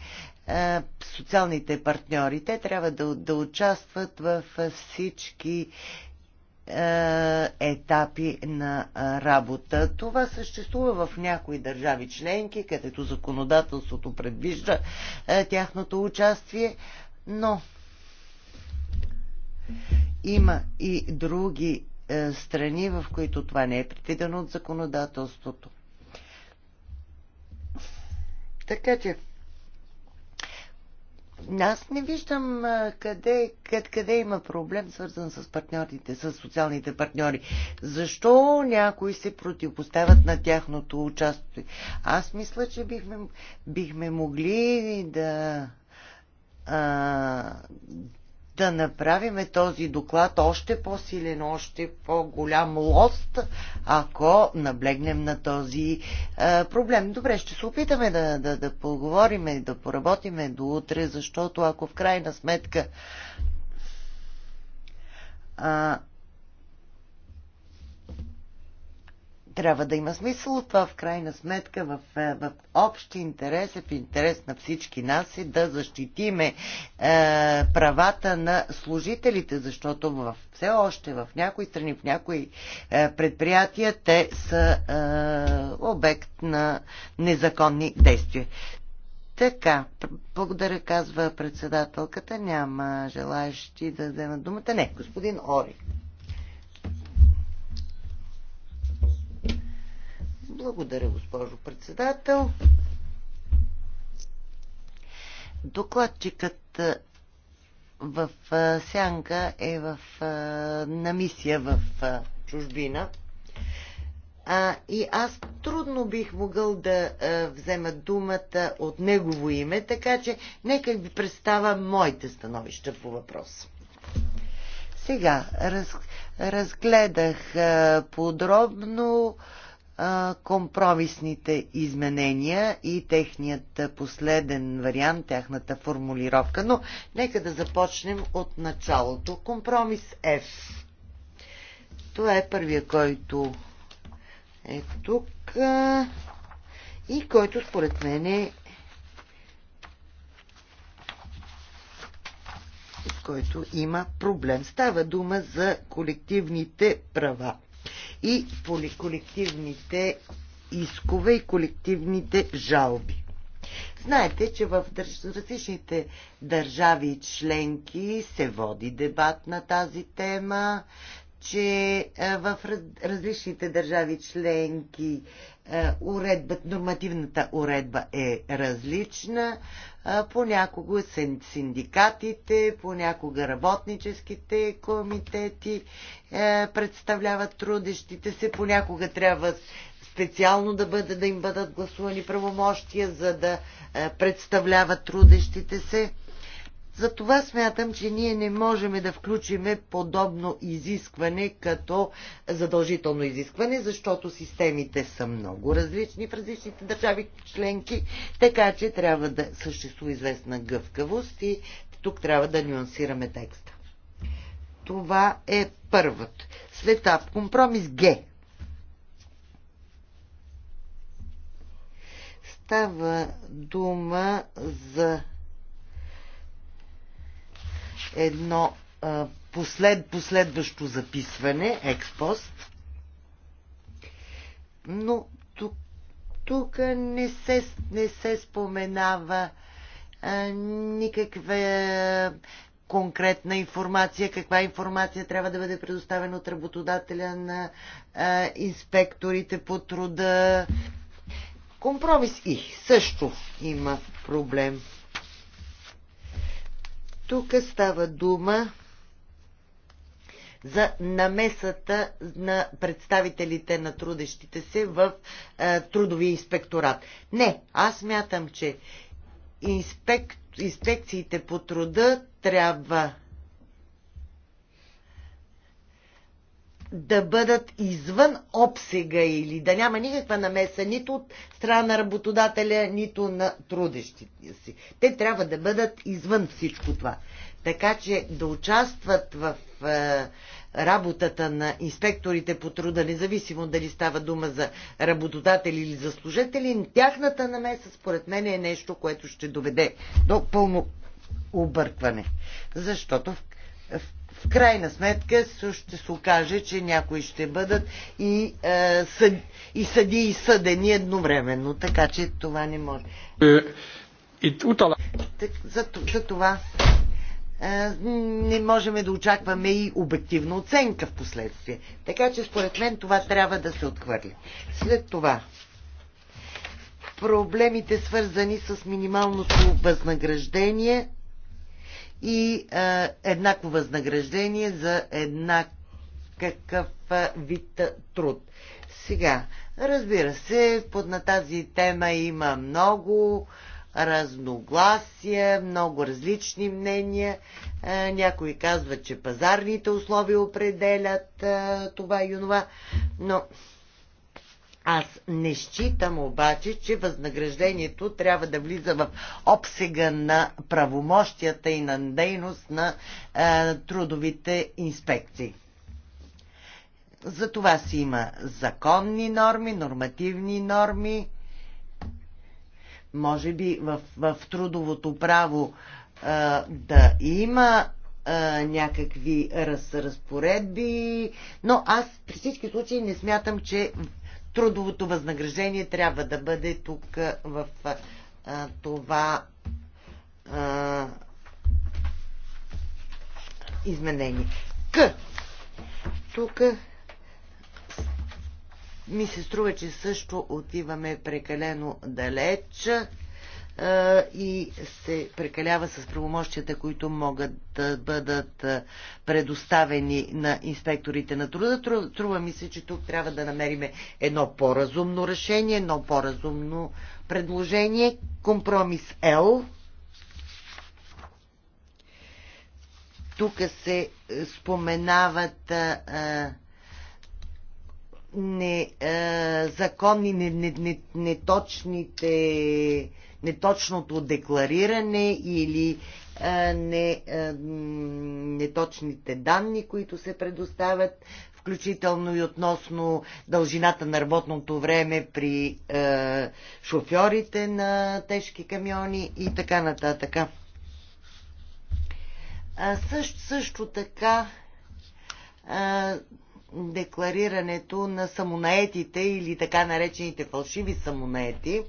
Speaker 3: социалните партньори. Те трябва да, да участват в всички е, етапи на работа. Това съществува в някои държави членки, където законодателството предвижда тяхното участие, но има и други страни, в които това не е предвидено от законодателството. Така че аз не виждам къде, къде, къде има проблем, свързан с партньорите, с социалните партньори. Защо някои се противопоставят на тяхното участие? Аз мисля, че бихме, бихме могли да а, да направим този доклад още по-силен, още по-голям лост, ако наблегнем на този е, проблем. Добре, ще се опитаме да, да, да и да поработиме до утре, защото ако в крайна сметка а, трябва да има смисъл. Това в крайна сметка в, е, в общи интерес, е в интерес на всички нас е да защитиме е, правата на служителите, защото в, все още в някои страни, в някои е, предприятия те са е, обект на незаконни действия. Така, благодаря, казва председателката. Няма желаящи да вземат думата. Не, господин Ори. Благодаря, госпожо председател. Докладчикът в Сянка е в, на мисия в чужбина. А, и аз трудно бих могъл да а, взема думата от негово име, така че нека ви представя моите становища по въпрос. Сега раз, разгледах а, подробно а, компромисните изменения и техният последен вариант, тяхната формулировка. Но нека да започнем от началото. Компромис F. Това е първия, който е тук и който според мен е който има проблем. Става дума за колективните права и колективните искове и колективните жалби. Знаете, че в различните държави и членки се води дебат на тази тема, че е, в различните държави членки е, уредба, нормативната уредба е различна. Е, понякога синдикатите, понякога работническите комитети представляват трудещите се, понякога трябва специално да, бъде, да им бъдат гласувани правомощия, за да представляват трудещите се. За това смятам, че ние не можем да включиме подобно изискване като задължително изискване, защото системите са много различни в различните държави членки, така че трябва да съществува известна гъвкавост и тук трябва да нюансираме текста. Това е първът. След това компромис Г. Става дума за едно а, послед, последващо записване, експост. Но тук, тук не, се, не се споменава а, никаква конкретна информация, каква информация трябва да бъде предоставена от работодателя на а, инспекторите по труда. Компромис и също има проблем. Тук става дума за намесата на представителите на трудещите се в е, трудови инспекторат. Не, аз мятам, че инспек, инспекциите по труда трябва да бъдат извън обсега или да няма никаква намеса нито от страна на работодателя, нито на трудещите си. Те трябва да бъдат извън всичко това. Така че да участват в е, работата на инспекторите по труда, независимо дали става дума за работодатели или за служители, тяхната намеса според мен е нещо, което ще доведе до пълно объркване. Защото в, в в крайна сметка ще се окаже, че някои ще бъдат и, е, съд, и съди и съдени едновременно, така че това не може. Е, так, за, за това е, не можем да очакваме и обективна оценка в последствие. Така че според мен това трябва да се отхвърли. След това проблемите свързани с минималното възнаграждение и а, еднакво възнаграждение за еднакъв вид труд. Сега, разбира се, под на тази тема има много разногласия, много различни мнения. Някои казват, че пазарните условия определят това и онова, но аз не считам обаче, че възнаграждението трябва да влиза в обсега на правомощията и на дейност на е, трудовите инспекции. За това си има законни норми, нормативни норми. Може би в, в трудовото право е, да има е, някакви разпоредби, но аз при всички случаи не смятам, че трудовото възнаграждение трябва да бъде тук в а, това а, изменение. К. Тук ми се струва, че също отиваме прекалено далеч и се прекалява с правомощията, които могат да бъдат предоставени на инспекторите на труда. Трува ми се, че тук трябва да намерим едно по-разумно решение, едно по-разумно предложение. Компромис Л. Тук се споменават а, неточните не, не, не, неточните неточното деклариране или не, неточните данни, които се предоставят, включително и относно дължината на работното време при е, шофьорите на тежки камиони и така нататък. А също, също така а, декларирането на самонаетите или така наречените фалшиви самонаети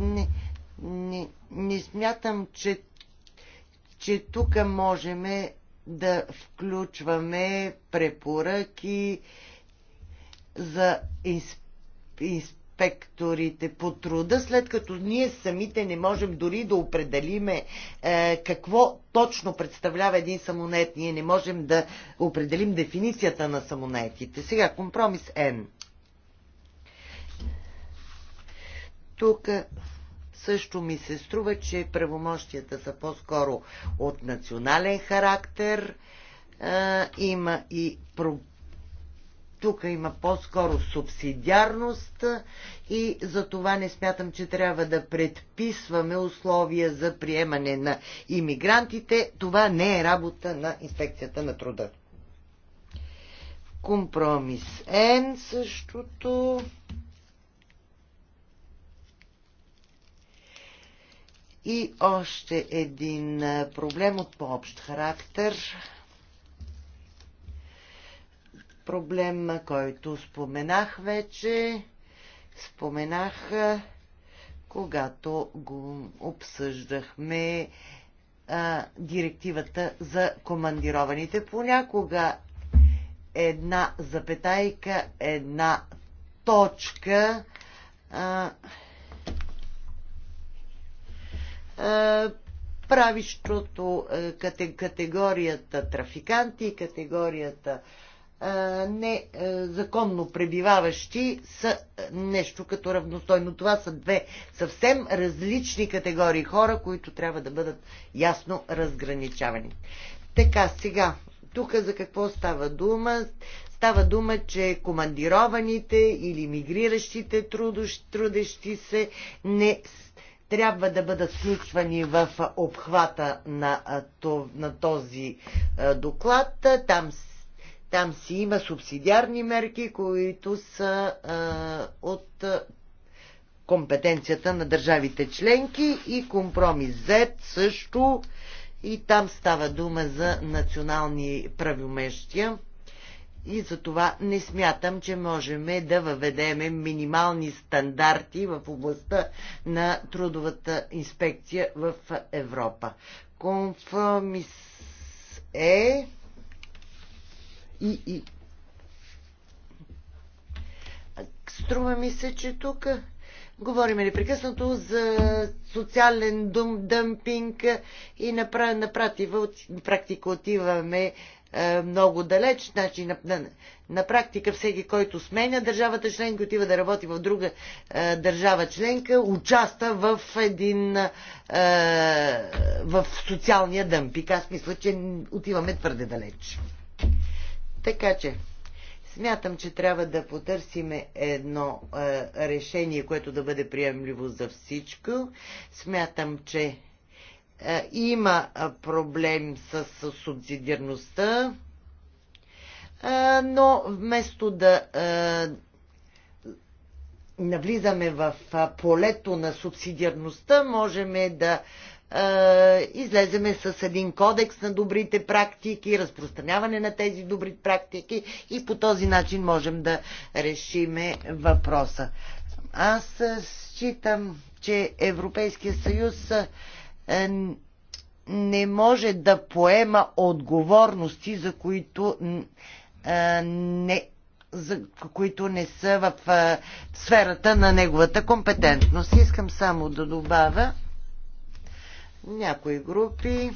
Speaker 3: не, не, не смятам, че, че тук можем да включваме препоръки за инспекторите по труда, след като ние самите не можем дори да определиме е, какво точно представлява един самонет. Ние не можем да определим дефиницията на самонетите. Сега компромис Н. Тук също ми се струва, че правомощията са по-скоро от национален характер. А, има и про... тук има по-скоро субсидиарност и за това не смятам, че трябва да предписваме условия за приемане на иммигрантите. Това не е работа на инспекцията на труда. Компромис Н същото. И още един проблем от по-общ характер. Проблем, който споменах вече. Споменах, когато го обсъждахме а, директивата за командированите. Понякога една запетайка, една точка а, е, правищото е, категорията трафиканти, категорията е, незаконно пребиваващи са нещо като равностойно. Това са две съвсем различни категории хора, които трябва да бъдат ясно разграничавани. Така, сега, тук за какво става дума? Става дума, че командированите или мигриращите трудещи се не трябва да бъдат включвани в обхвата на, на този доклад. Там, там си има субсидиарни мерки, които са а, от компетенцията на държавите членки и компромис Z също. И там става дума за национални правомещия и за това не смятам, че можем да въведеме минимални стандарти в областта на трудовата инспекция в Европа. Конфамис е и, и. Струва ми се, че тук Говорим непрекъснато за социален дъмпинг и на практика отиваме е, много далеч. Значи, на, на, на практика всеки, който сменя държавата членка, отива да работи в друга е, държава членка, участва в един е, в социалния дъмпик. Аз мисля, че отиваме твърде далеч. Така че, смятам, че трябва да потърсиме едно е, решение, което да бъде приемливо за всичко. Смятам, че е, има е, проблем с субсидиарността, е, но вместо да навлизаме в полето на субсидиарността, можем да излеземе с един кодекс на добрите практики, разпространяване на тези добри практики и по този начин можем да решиме въпроса. Аз считам, че Европейския съюз е, не може да поема отговорности, за които е, не за които не са в а, е, сферата на неговата компетентност. Искам само да добавя някои групи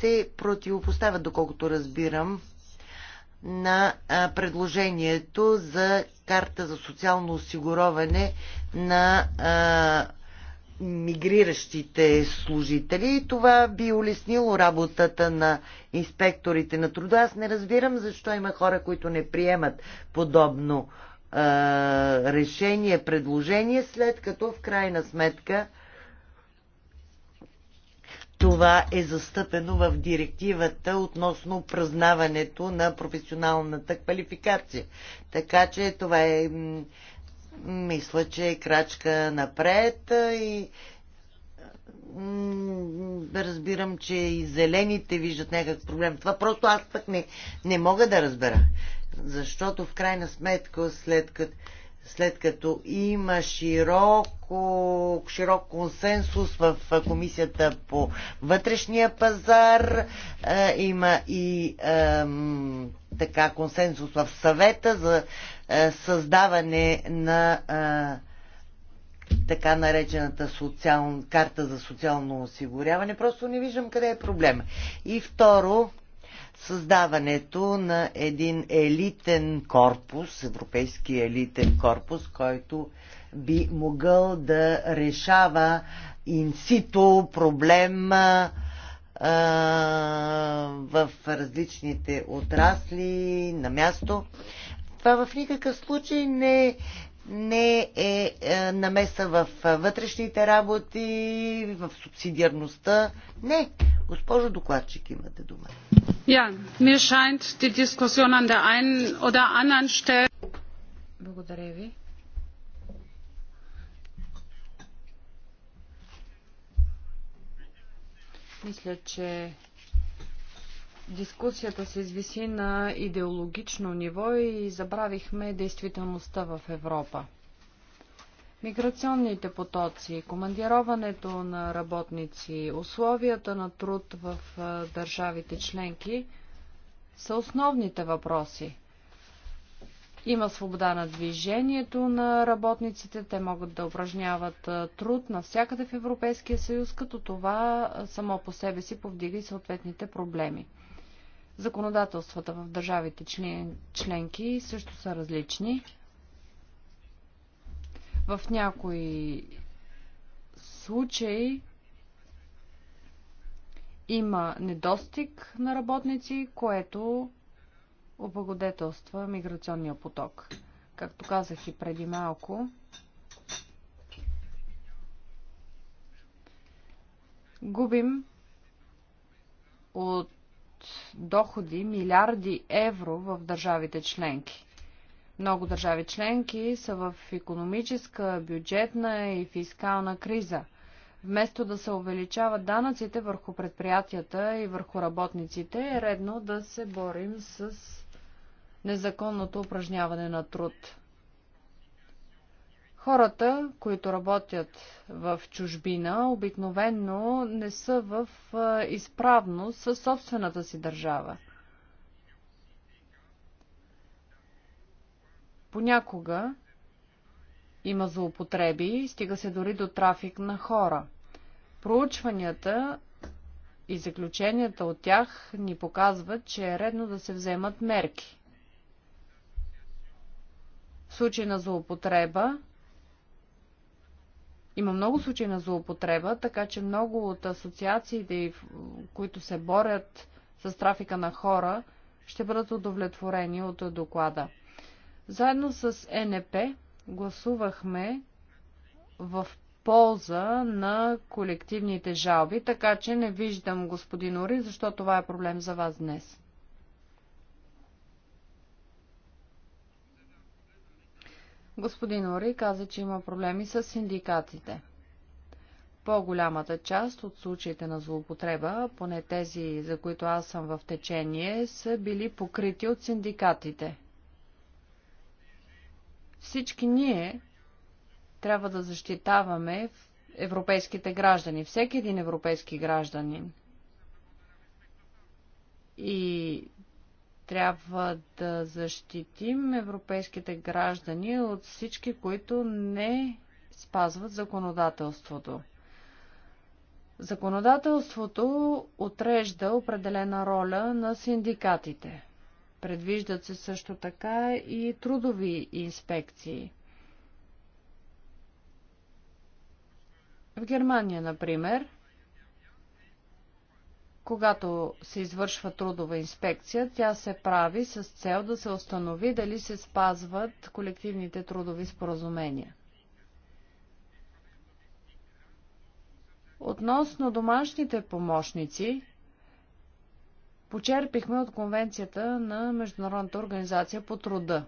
Speaker 3: се противопоставят, доколкото разбирам, на предложението за карта за социално осигуроване на мигриращите служители. Това би улеснило работата на инспекторите на труда. Аз не разбирам защо има хора, които не приемат подобно е, решение, предложение, след като в крайна сметка това е застъпено в директивата относно празнаването на професионалната квалификация. Така че това е мисля, че е крачка напред и разбирам, че и зелените виждат някакъв проблем. Това просто аз пък не, не мога да разбера. Защото в крайна сметка, след като, след като има широко, широк консенсус в комисията по вътрешния пазар, има и е, така консенсус в съвета за е, създаване на е, така наречената социал... карта за социално осигуряване. Просто не виждам къде е проблема. И второ, създаването на един елитен корпус, европейски елитен корпус, който би могъл да решава инсито проблема е, в различните отрасли на място. Това в никакъв случай не, не е, е, намеса в вътрешните работи, в субсидиарността. Не. Госпожо докладчик, имате дума.
Speaker 2: Ja, mir scheint die Diskussion an der einen oder anderen Stelle. Благодаря Мисля, че дискусията се извиси на идеологично ниво и забравихме действителността в Европа. Миграционните потоци, командироването на работници, условията на труд в държавите членки са основните въпроси. Има свобода на движението на работниците, те могат да упражняват труд навсякъде в Европейския съюз, като това само по себе си повдига и съответните проблеми. Законодателствата в държавите член, членки също са различни. В някои случаи има недостиг на работници, което облагодетелства миграционния поток. Както казах и преди малко, губим от от доходи милиарди евро в държавите членки. Много държави членки са в економическа, бюджетна и фискална криза. Вместо да се увеличават данъците върху предприятията и върху работниците, е редно да се борим с незаконното упражняване на труд. Хората, които работят в чужбина, обикновенно не са в изправност със собствената си държава. Понякога има злоупотреби, стига се дори до трафик на хора. Проучванията и заключенията от тях ни показват, че е редно да се вземат мерки. В случай на злоупотреба, има много случаи на злоупотреба, така че много от асоциациите, които се борят с трафика на хора, ще бъдат удовлетворени от доклада. Заедно с НП гласувахме в полза на колективните жалби, така че не виждам господин Ори, защо това е проблем за вас днес. Господин Ори каза, че има проблеми с синдикатите. По-голямата част от случаите на злоупотреба, поне тези, за които аз съм в течение, са били покрити от синдикатите. Всички ние трябва да защитаваме европейските граждани, всеки един европейски гражданин. И трябва да защитим европейските граждани от всички, които не спазват законодателството. Законодателството отрежда определена роля на синдикатите. Предвиждат се също така и трудови инспекции. В Германия, например, когато се извършва трудова инспекция, тя се прави с цел да се установи дали се спазват колективните трудови споразумения. Относно домашните помощници, почерпихме от Конвенцията на Международната организация по труда.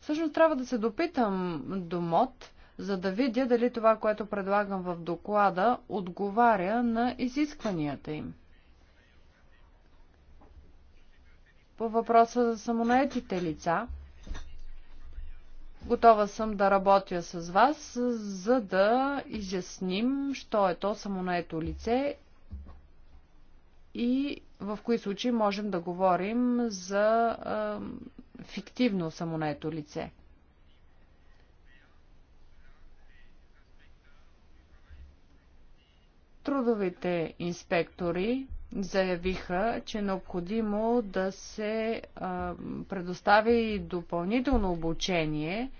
Speaker 2: Всъщност трябва да се допитам до МОД, за да видя дали това, което предлагам в доклада, отговаря на изискванията им. По въпроса за самонаетите лица, готова съм да работя с вас, за да изясним, що е то самонаето лице и в кои случаи можем да говорим за е, фиктивно самонаето лице. Трудовите инспектори заявиха, че е необходимо да се а, предостави допълнително обучение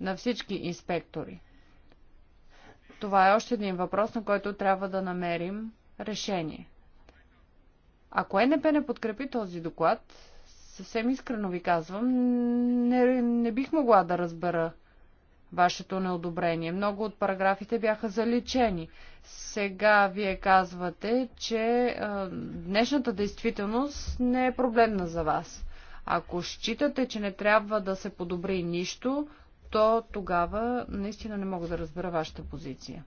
Speaker 2: на всички инспектори. Това е още един въпрос, на който трябва да намерим решение. Ако е НП не подкрепи този доклад, съвсем искрено ви казвам, не, не бих могла да разбера вашето неодобрение. Много от параграфите бяха заличени. Сега вие казвате, че днешната действителност не е проблемна за вас. Ако считате, че не трябва да се подобри нищо, то тогава наистина не мога да разбера вашата позиция.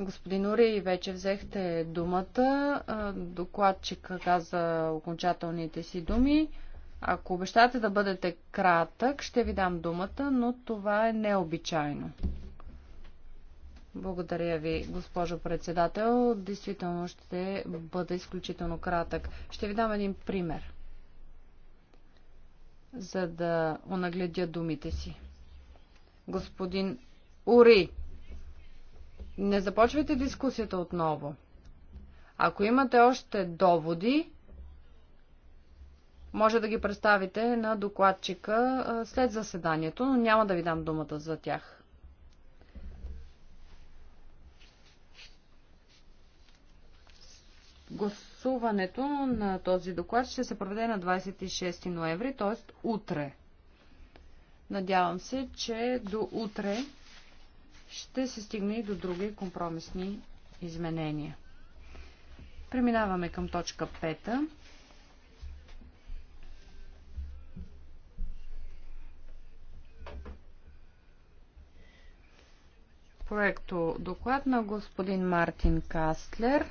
Speaker 2: Господин Ури, вече взехте думата. Докладчика каза окончателните си думи. Ако обещате да бъдете кратък, ще ви дам думата, но това е необичайно. Благодаря ви, госпожо председател. Действително ще бъда изключително кратък. Ще ви дам един пример, за да онагледя думите си. Господин Ури, не започвайте дискусията отново. Ако имате още доводи, може да ги представите на докладчика след заседанието, но няма да ви дам думата за тях. Гласуването на този доклад ще се проведе на 26 ноември, т.е. утре. Надявам се, че до утре ще се стигне и до други компромисни изменения. Преминаваме към точка 5. проекто доклад на господин Мартин Кастлер.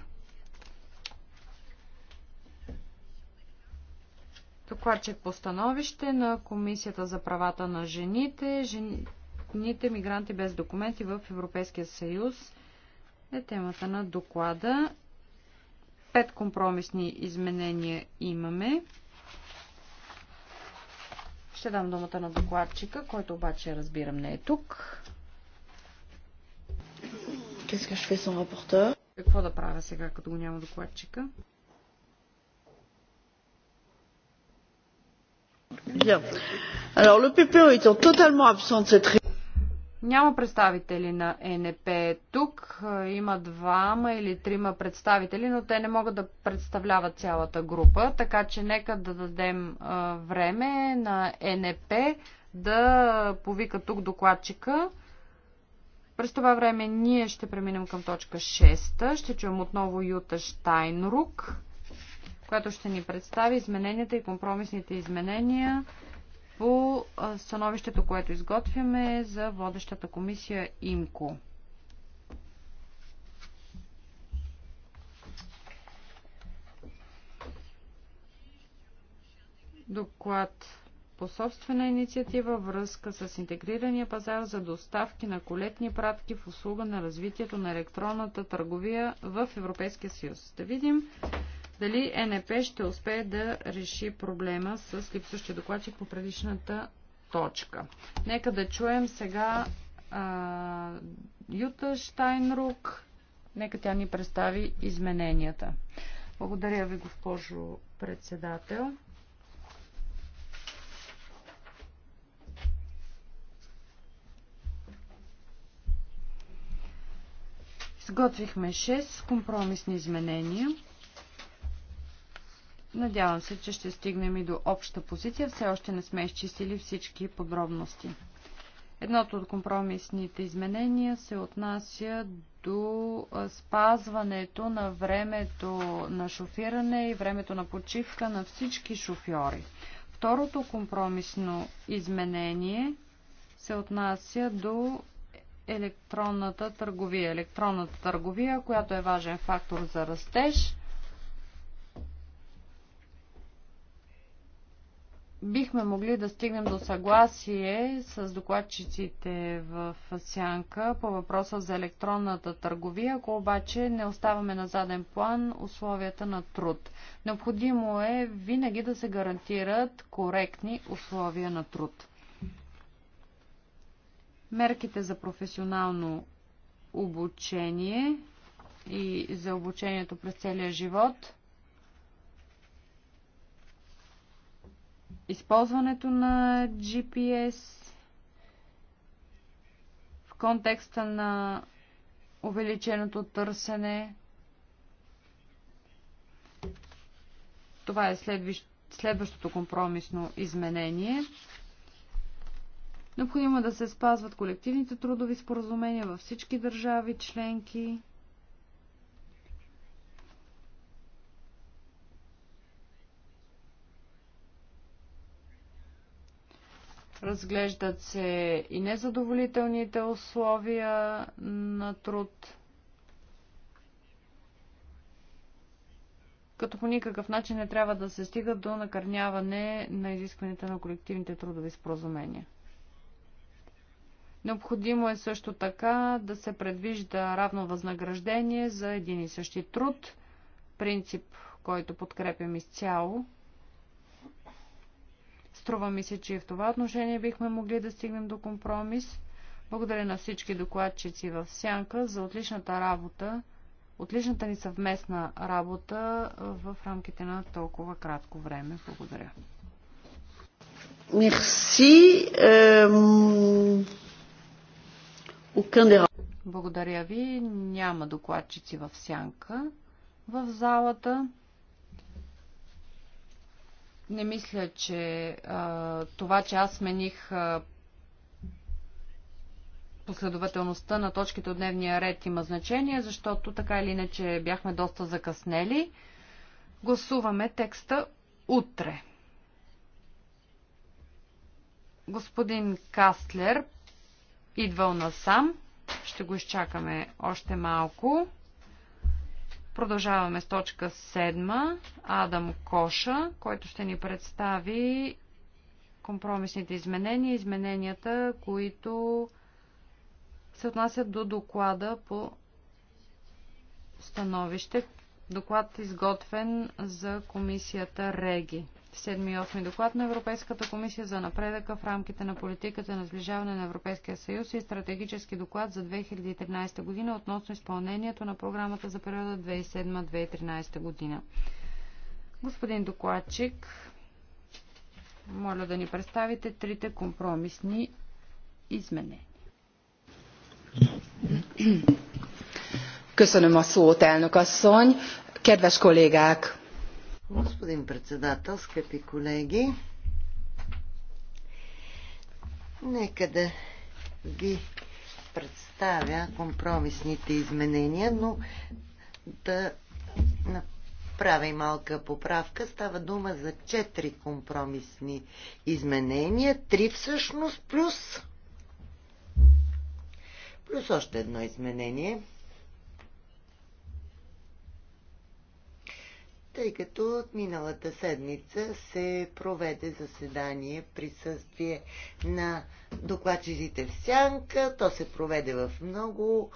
Speaker 2: Докладчик по становище на Комисията за правата на жените, жените мигранти без документи в Европейския съюз е темата на доклада. Пет компромисни изменения имаме. Ще дам думата на докладчика, който обаче разбирам не е тук. Qu'est-ce que je fais sans rapporteur? Какво да правя сега, като го няма докладчика? Bien. Alors, le PPE étant totalement absent de cette няма представители на ЕНП тук. Има двама или трима представители, но те не могат да представляват цялата група, така че нека да дадем време на ЕНП да повика тук докладчика. През това време ние ще преминем към точка 6. Ще чуем отново Юта Штайнрук, която ще ни представи измененията и компромисните изменения по становището, което изготвяме за водещата комисия ИМКО. Доклад по собствена инициатива връзка с интегрирания пазар за доставки на колетни пратки в услуга на развитието на електронната търговия в Европейския съюз. Да видим дали НП ще успее да реши проблема с липсващия докладчи по предишната точка. Нека да чуем сега а, Юта Штайнрук. Нека тя ни представи измененията. Благодаря ви, госпожо председател. Сготвихме 6 компромисни изменения. Надявам се, че ще стигнем и до обща позиция. Все още не сме изчистили всички подробности. Едното от компромисните изменения се отнася до спазването на времето на шофиране и времето на почивка на всички шофьори. Второто компромисно изменение се отнася до електронната търговия. Електронната търговия, която е важен фактор за растеж. Бихме могли да стигнем до съгласие с докладчиците в Сянка по въпроса за електронната търговия, ако обаче не оставаме на заден план условията на труд. Необходимо е винаги да се гарантират коректни условия на труд. Мерките за професионално обучение и за обучението през целия живот. Използването на GPS в контекста на увеличеното търсене. Това е следващото компромисно изменение. Необходимо е да се спазват колективните трудови споразумения във всички държави членки. Разглеждат се и незадоволителните условия на труд. като по никакъв начин не трябва да се стига до накърняване на изискванията на колективните трудови споразумения. Необходимо е също така да се предвижда равно възнаграждение за един и същи труд, принцип, който подкрепям изцяло. Струва ми се, че и в това отношение бихме могли да стигнем до компромис. Благодаря на всички докладчици в Сянка за отличната работа, отличната ни съвместна работа в рамките на толкова кратко време. Благодаря. Мерси. Благодаря ви. Няма докладчици в сянка в залата. Не мисля, че а, това, че аз смених а, последователността на точките от дневния ред има значение, защото така или иначе бяхме доста закъснели. Гласуваме текста утре. Господин Кастлер идвал насам. Ще го изчакаме още малко. Продължаваме с точка 7. Адам Коша, който ще ни представи компромисните изменения, измененията, които се отнасят до доклада по становище. Доклад изготвен за комисията Реги. 7 и 8 доклад на Европейската комисия за напредъка в рамките на политиката на сближаване на Европейския съюз и стратегически доклад за 2013 година относно изпълнението на програмата за периода 2007-2013 година. Господин докладчик, моля да ни представите трите компромисни изменения. Köszönöm a szót, elnök asszony! Kedves
Speaker 3: Господин председател, скъпи колеги, нека да ви представя компромисните изменения, но да направя и малка поправка. Става дума за четири компромисни изменения, три всъщност, плюс, плюс още едно изменение – тъй като от миналата седмица се проведе заседание присъствие на докладчиците в Сянка. То се проведе в много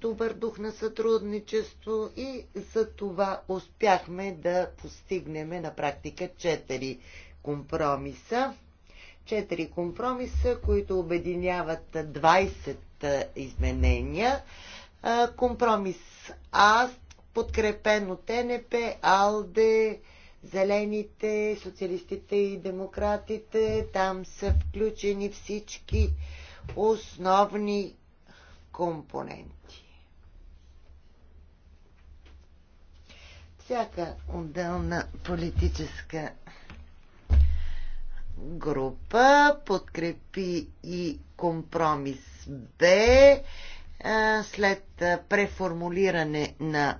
Speaker 3: добър дух на сътрудничество и за това успяхме да постигнем на практика четири компромиса. Четири компромиса, които обединяват 20 изменения. Компромис А подкрепен от НП, АЛДЕ, Зелените, социалистите и демократите. Там са включени всички основни компоненти. Всяка отделна политическа група подкрепи и компромис Б след преформулиране на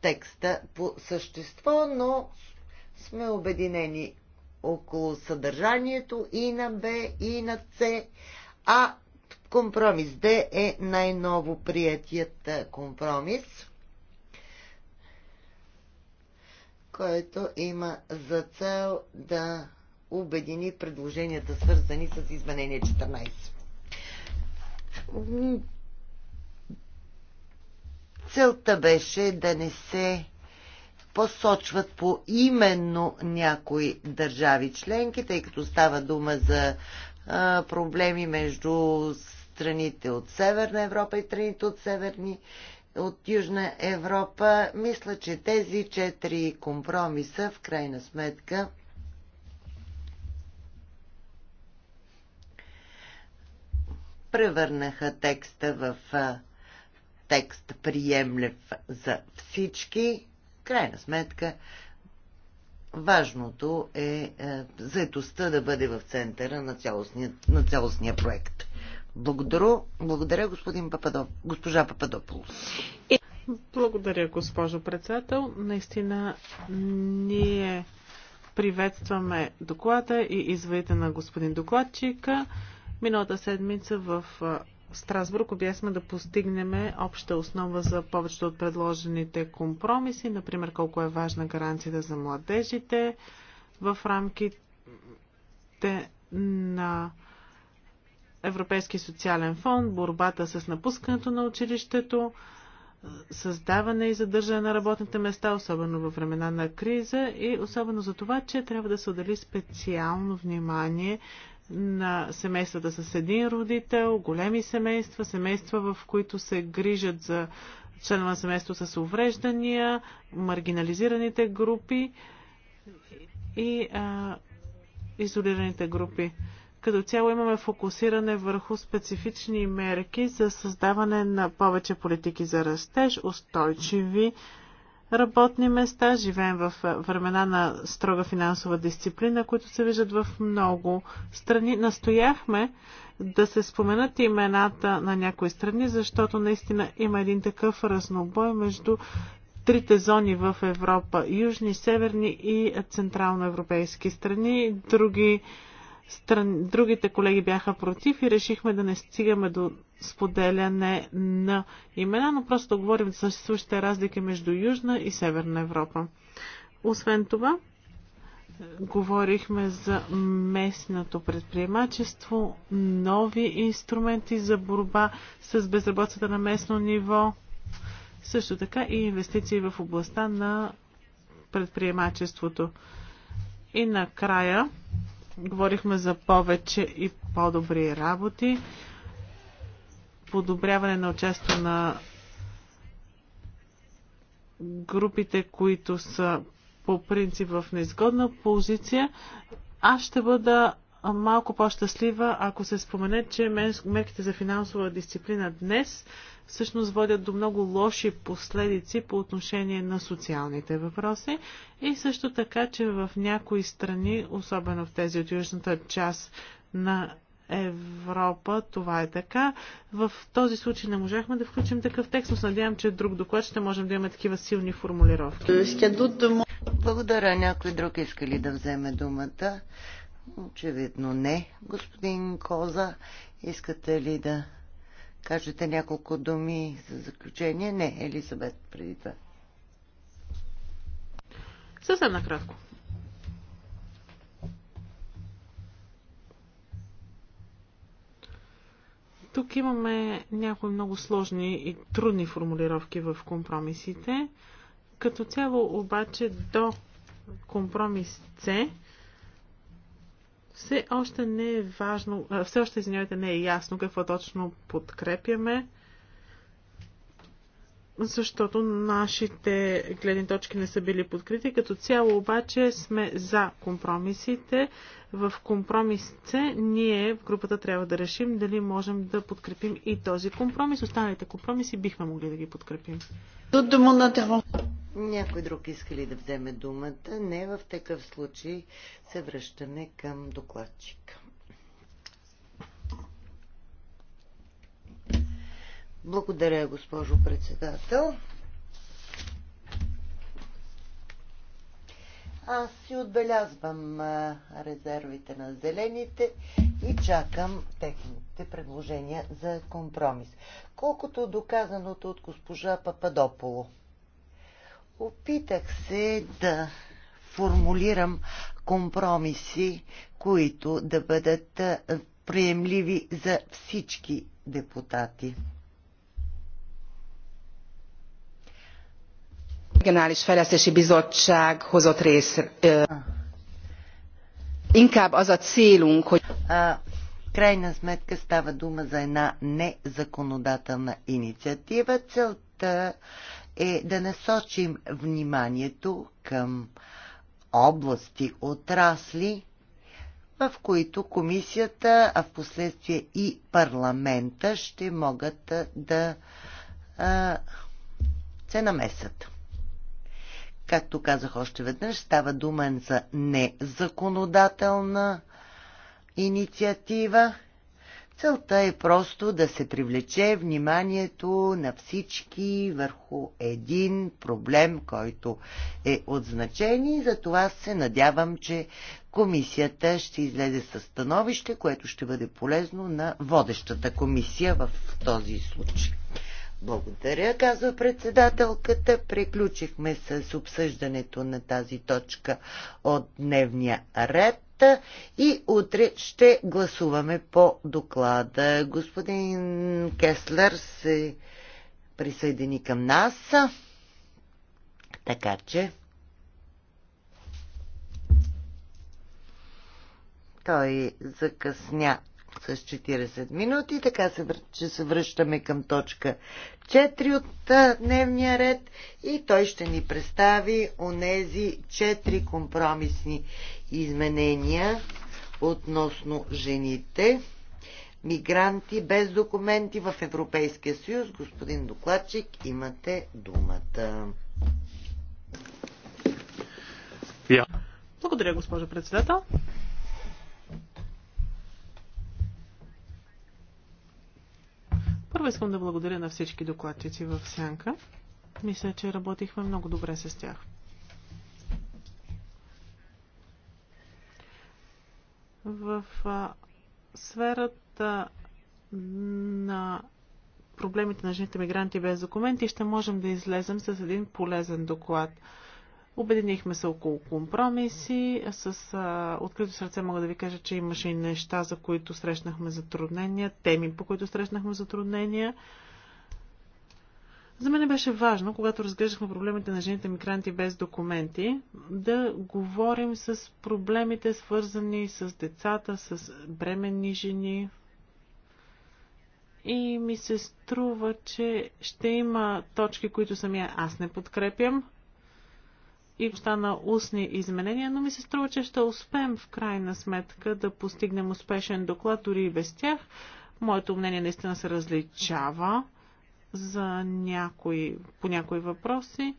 Speaker 3: текста по същество, но сме обединени около съдържанието и на Б, и на С, а компромис Д е най-ново приятият компромис, който има за цел да обедини предложенията, свързани с изменение 14. Целта беше да не се посочват по именно някои държави членки, тъй като става дума за а, проблеми между страните от Северна Европа и страните от Северни от Южна Европа. Мисля, че тези четири компромиса в крайна сметка превърнаха текста в текст приемлив за всички. Крайна сметка, важното е, е заедостта да бъде в центъра на цялостния, на цялостния проект. Благодаря, благодаря господин Пападо, госпожа Пападопол. Благодаря,
Speaker 1: госпожо председател. Наистина ние приветстваме доклада и изведите на господин докладчика. Миналата седмица в Страсбург обясме да постигнем обща основа за повечето от предложените компромиси, например колко е важна гаранцията за младежите в рамките на Европейски социален фонд, борбата с напускането на училището, създаване и задържане на работните места, особено във времена на криза и особено за това, че трябва да се отдели специално внимание на семействата с един родител, големи семейства, семейства, в които се грижат за членове на семейство с увреждания, маргинализираните групи и а, изолираните групи. Като цяло имаме фокусиране върху специфични мерки за създаване на повече политики за растеж, устойчиви работни места. Живеем в времена на строга финансова дисциплина, които се виждат в много страни. Настояхме да се споменат имената на някои страни, защото наистина има един такъв разнобой между трите зони в Европа южни, северни и централноевропейски страни. Други Стран... Другите колеги бяха против и решихме да не стигаме до споделяне на имена, но просто да говорим за съществуващите разлики между Южна и Северна Европа. Освен това, говорихме за местното предприемачество, нови инструменти за борба с безработицата на местно ниво, също така и инвестиции в областта на предприемачеството. И накрая Говорихме за повече и по-добри работи, подобряване на участието на групите, които са по принцип в неизгодна позиция. Аз ще бъда малко по-щастлива, ако се спомене, че мерките за финансова дисциплина днес всъщност водят до много лоши последици по отношение на социалните въпроси и също така, че в някои страни, особено в тези от южната част на Европа, това е така. В този случай не можахме да включим такъв текст, но се надявам, че друг доклад ще можем да имаме такива силни формулировки.
Speaker 3: Благодаря. Някой друг иска ли да вземе думата? Очевидно не. Господин Коза, искате ли да кажете няколко думи за заключение? Не, Елизабет, преди това.
Speaker 1: Съвсем накратко. Тук имаме някои много сложни и трудни формулировки в компромисите. Като цяло обаче до компромис С все още не е важно, все още, извинявайте, не е ясно какво точно подкрепяме, защото нашите гледни точки не са били подкрити. Като цяло обаче сме за компромисите. В компромис С ние в групата трябва да решим дали можем да подкрепим и този компромис. Останалите компромиси бихме могли да ги подкрепим.
Speaker 3: Някой друг иска ли да вземе думата? Не, в такъв случай се връщаме към докладчика. Благодаря, госпожо председател. Аз си отбелязвам резервите на зелените и чакам техните предложения за компромис. Колкото доказаното от госпожа Пападополо – Опитах се да формулирам компромиси, които да бъдат приемливи за всички депутати. regionális fejlesztési bizottság hozott részt. Ah. Inkább az a célunk, hogy... Крайна сметка става дума за една незаконодателна инициатива. Целта е да насочим вниманието към области, отрасли, в които комисията, а в последствие и парламента ще могат да а, се намесат. Както казах още веднъж, става дума за незаконодателна инициатива Целта е просто да се привлече вниманието на всички върху един проблем, който е от значение. За това се надявам, че комисията ще излезе със становище, което ще бъде полезно на водещата комисия в този случай. Благодаря, казва председателката. Приключихме с обсъждането на тази точка от дневния ред и утре ще гласуваме по доклада. Господин Кеслер се присъедини към нас. Така че той закъсня с 40 минути, така се, че се връщаме към точка 4 от дневния ред и той ще ни представи онези 4 компромисни изменения относно жените, мигранти без документи в Европейския съюз. Господин докладчик, имате думата.
Speaker 1: Yeah. Благодаря,
Speaker 3: госпожо председател.
Speaker 1: Първо искам да благодаря на всички докладчици в Сянка. Мисля, че работихме много добре с тях. В сферата на проблемите на жените мигранти без документи ще можем да излезем с един полезен доклад. Обединихме се около компромиси. С а, открито сърце мога да ви кажа, че имаше и неща, за които срещнахме затруднения, теми, по които срещнахме затруднения. За мен беше важно, когато разглеждахме проблемите на жените мигранти без документи, да говорим с проблемите свързани с децата, с бременни жени. И ми се струва, че ще има точки, които самия аз не подкрепям. И на устни изменения, но ми се струва, че ще успеем в крайна сметка да постигнем успешен доклад, дори и без тях. Моето мнение наистина се различава за някои, по някои въпроси.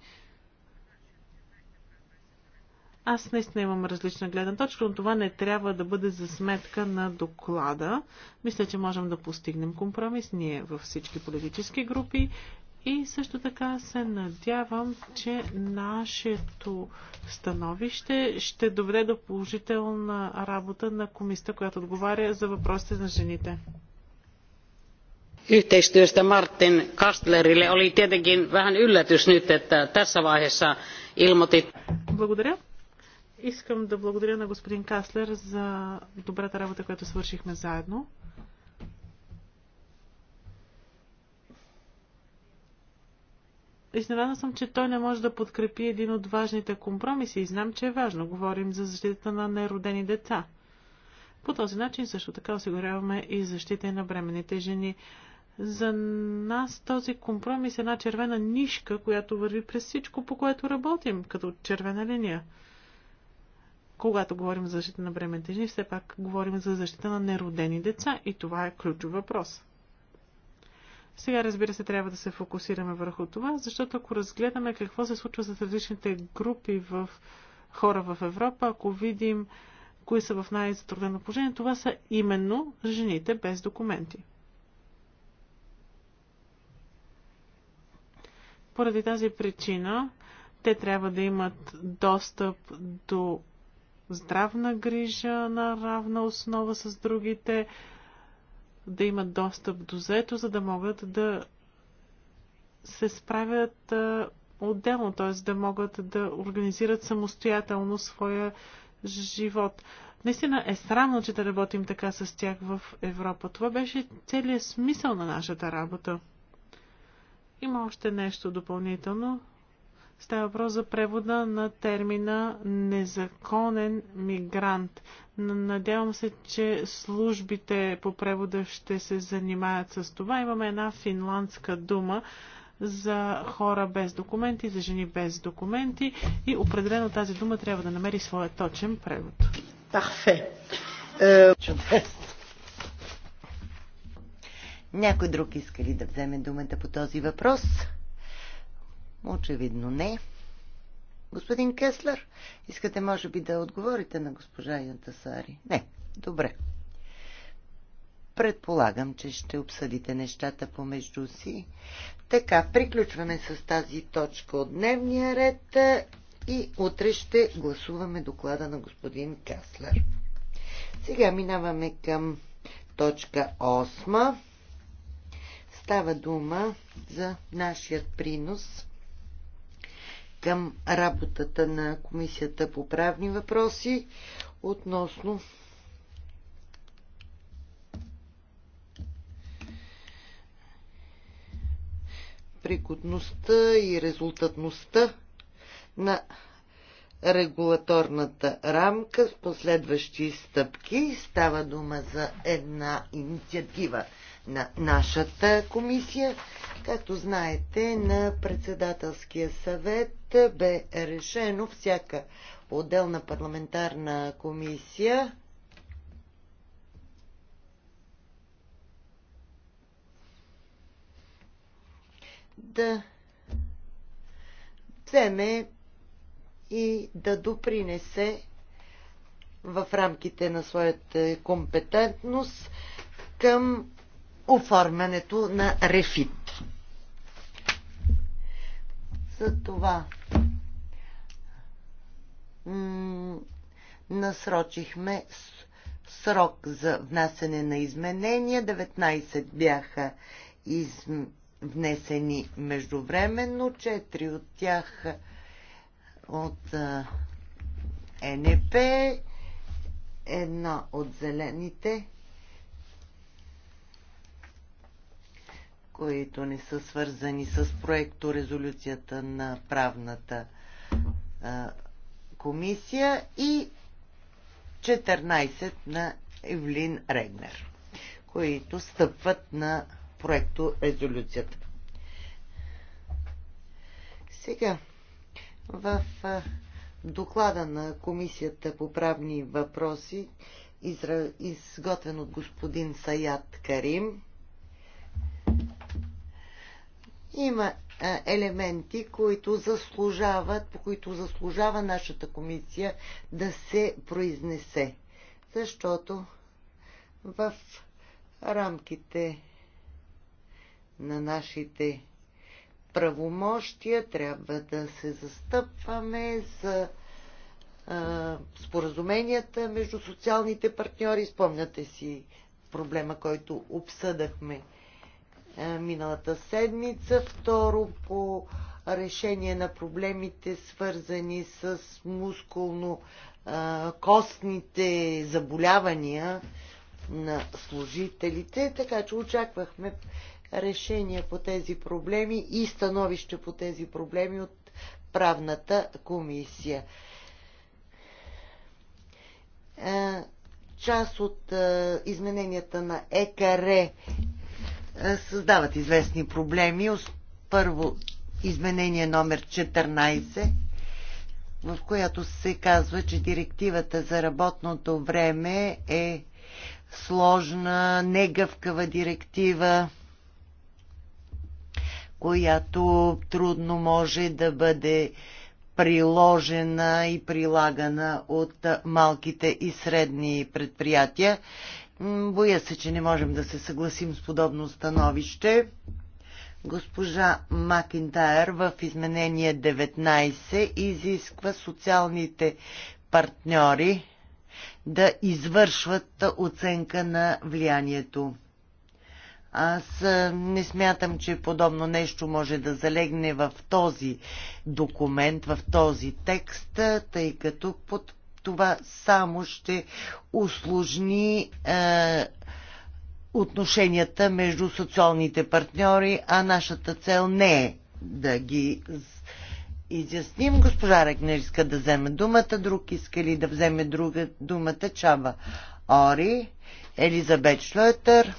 Speaker 1: Аз наистина имам различна гледна точка, но това не трябва да бъде за сметка на доклада. Мисля, че можем да постигнем компромис ние във всички политически групи и също така се надявам, че нашето становище ще доведе до положителна работа на комисията, която отговаря за въпросите на жените
Speaker 2: yhteistyöstä Martin Kastlerille. Oli tietenkin vähän yllätys nyt, että tässä vaiheessa ilmoitit.
Speaker 1: Благодаря. Искам да благодаря на господин Каслер за добрата работа, която свършихме заедно. Изненадан съм, че той не може да подкрепи един от важните компромиси и знам, че е важно. Говорим за защитата на неродени деца. По този начин също така осигуряваме и защита на бременните жени. За нас този компромис е една червена нишка, която върви през всичко, по което работим, като червена линия. Когато говорим за защита на бременните жени, все пак говорим за защита на неродени деца и това е ключов въпрос. Сега, разбира се, трябва да се фокусираме върху това, защото ако разгледаме какво се случва с различните групи в хора в Европа, ако видим кои са в най-затруднено положение, това са именно жените без документи. Поради тази причина те трябва да имат достъп до здравна грижа на равна основа с другите, да имат достъп до зето, за да могат да се справят отделно, т.е. да могат да организират самостоятелно своя живот. Наистина е срамно, че да работим така с тях в Европа. Това беше целият смисъл на нашата работа. Има още нещо допълнително. Става въпрос за превода на термина незаконен мигрант. Надявам се, че службите по превода ще се занимаят с това. Имаме една финландска дума за хора без документи, за жени без документи и определено тази дума трябва да намери своя точен превод. Парфе.
Speaker 3: Чудесно. Някой друг иска ли да вземе думата по този въпрос? Очевидно не. Господин Кеслер, искате може би да отговорите на госпожа Янтасари? Не, добре. Предполагам, че ще обсъдите нещата помежду си. Така, приключваме с тази точка от дневния ред и утре ще гласуваме доклада на господин Каслер. Сега минаваме към точка 8. Става дума за нашият принос към работата на Комисията по правни въпроси относно пригодността и резултатността на регулаторната рамка с последващи стъпки. Става дума за една инициатива на нашата комисия. Както знаете, на председателския съвет бе решено всяка отделна парламентарна комисия да вземе и да допринесе в рамките на своята компетентност към оформянето на рефит. За това насрочихме срок за внасене на изменения. 19 бяха из... внесени междувременно, 4 от тях от а, НП, една от зелените които не са свързани с проекто резолюцията на правната а, комисия и 14 на Евлин Регнер, които стъпват на проекто резолюцията. Сега, в а, доклада на Комисията по правни въпроси, изра... изготвен от господин Саят Карим, има елементи, които заслужават, по които заслужава нашата комисия да се произнесе. Защото в рамките на нашите правомощия трябва да се застъпваме за а, споразуменията между социалните партньори. Спомняте си проблема, който обсъдахме е, миналата седмица. Второ по решение на проблемите, свързани с мускулно-костните е, заболявания на служителите, така че очаквахме решения по тези проблеми и становище по тези проблеми от правната комисия. Е, част от измененията на ЕКР е, създават известни проблеми. Първо, изменение номер 14, в която се казва, че директивата за работното време е сложна, негъвкава директива, която трудно може да бъде приложена и прилагана от малките и средни предприятия. Боя се, че не можем да се съгласим с подобно становище. Госпожа Макинтайр в изменение 19 изисква социалните партньори да извършват оценка на влиянието. Аз не смятам, че подобно нещо може да залегне в този документ, в този текст, тъй като под това само ще усложни е, отношенията между социалните партньори, а нашата цел не е да ги изясним. Госпожа Рекнер иска да вземе думата, друг иска ли да вземе друга думата, Чаба Ори, Елизабет Шлойтер.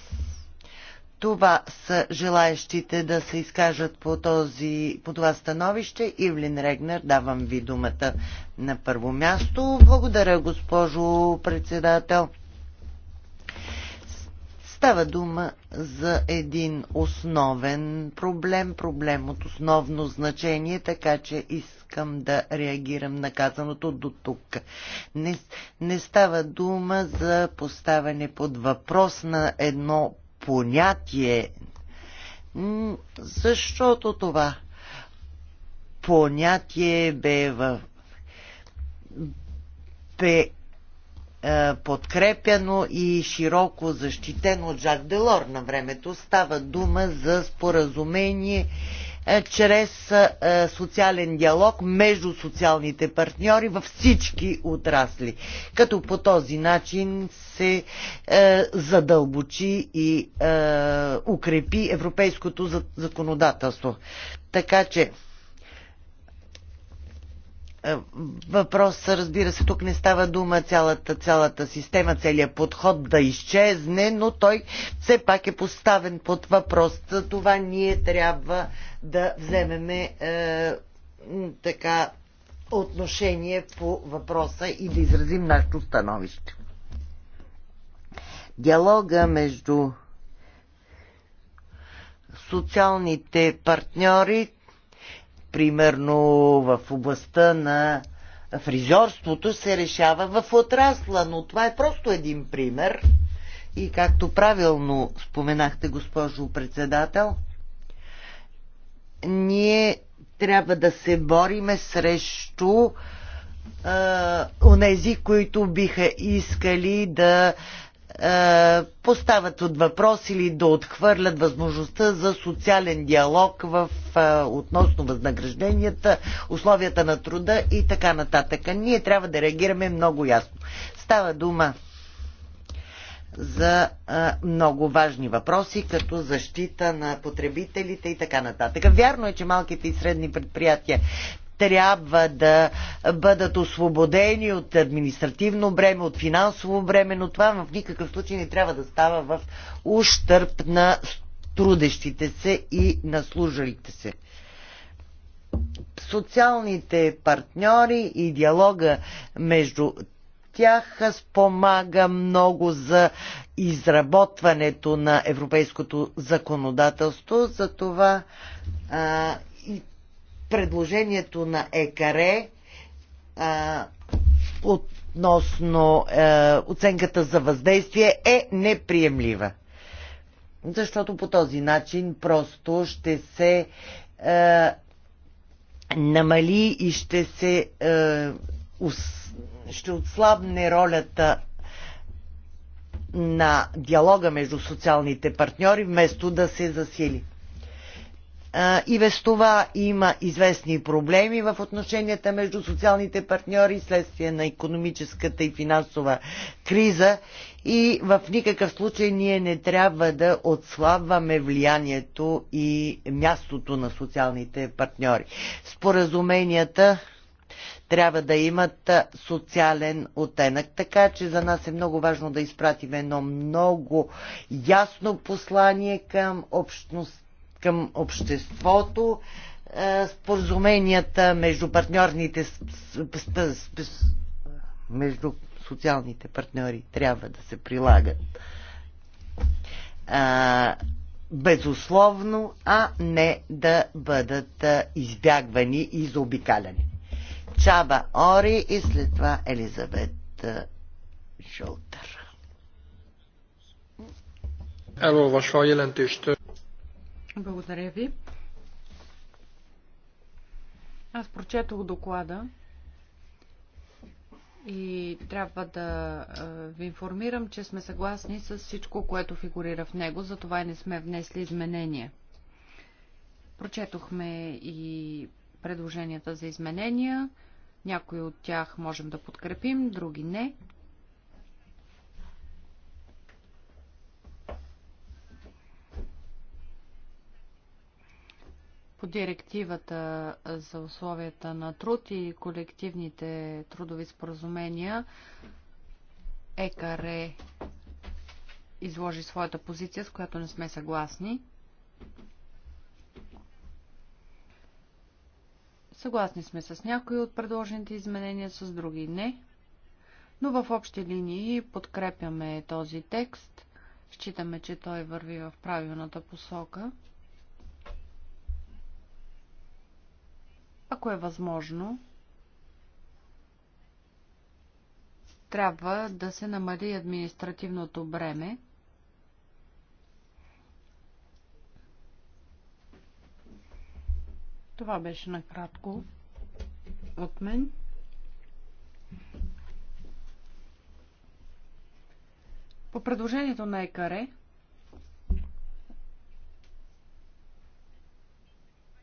Speaker 3: Това са желаящите да се изкажат по, този, по това становище. Ивлин Регнер, давам ви думата на първо място. Благодаря, госпожо председател. Става дума за един основен проблем, проблем от основно значение, така че искам да реагирам на казаното до тук. Не, не става дума за поставяне под въпрос на едно понятие, защото това понятие бе в бе е, подкрепяно и широко защитено от Жак Делор на времето. Става дума за споразумение е, чрез е, е, социален диалог между социалните партньори във всички отрасли, като по този начин се задълбочи и укрепи европейското законодателство. Така че е, въпрос, разбира се, тук не става дума цялата, цялата система, целият подход да изчезне, но той все пак е поставен под въпрос. Това ние трябва да вземеме е, така отношение по въпроса и да изразим нашето становище. Диалога между социалните партньори примерно в областта на фризьорството се решава в отрасла, но това е просто един пример. И както правилно споменахте, госпожо председател, ние трябва да се бориме срещу онези, които биха искали да е, поставят от въпрос или да отхвърлят възможността за социален диалог в, е, относно възнагражденията, условията на труда и така нататък. Ние трябва да реагираме много ясно. Става дума за а, е, много важни въпроси, като защита на потребителите и така нататък. Вярно е, че малките и средни предприятия трябва да бъдат освободени от административно бреме, от финансово бреме, но това в никакъв случай не трябва да става в ущърп на трудещите се и на служалите се. Социалните партньори и диалога между тях спомага много за изработването на европейското законодателство. Затова това предложението на ЕКАРЕ а, относно а, е, оценката за въздействие е неприемлива. Защото по този начин просто ще се а, е, намали и ще се а, е, ус, ще отслабне ролята на диалога между социалните партньори, вместо да се засили. И без това има известни проблеми в отношенията между социалните партньори следствие на економическата и финансова криза и в никакъв случай ние не трябва да отслабваме влиянието и мястото на социалните партньори. Споразуменията трябва да имат социален оттенък. Така че за нас е много важно да изпратим едно много ясно послание към общността към обществото, е, споразуменията между партньорните, между социалните партньори трябва да се прилагат е, безусловно, а не да бъдат е, избягвани и заобикаляни. Чаба Ори и след това Елизабет Шолтер. Elolvasva a ще.
Speaker 2: Благодаря ви. Аз прочетох доклада и трябва да ви информирам, че сме съгласни с всичко, което фигурира в него, затова не сме внесли изменения. Прочетохме и предложенията за изменения. Някои от тях можем да подкрепим, други не. по директивата за условията на труд и колективните трудови споразумения ЕКАРЕ изложи своята позиция, с която не сме съгласни. Съгласни сме с някои от предложените изменения, с други не. Но в общи линии подкрепяме този текст. Считаме, че той върви в правилната посока. Ако е възможно, трябва да се намали административното бреме, Това беше накратко от мен. По предложението на ЕКАРЕ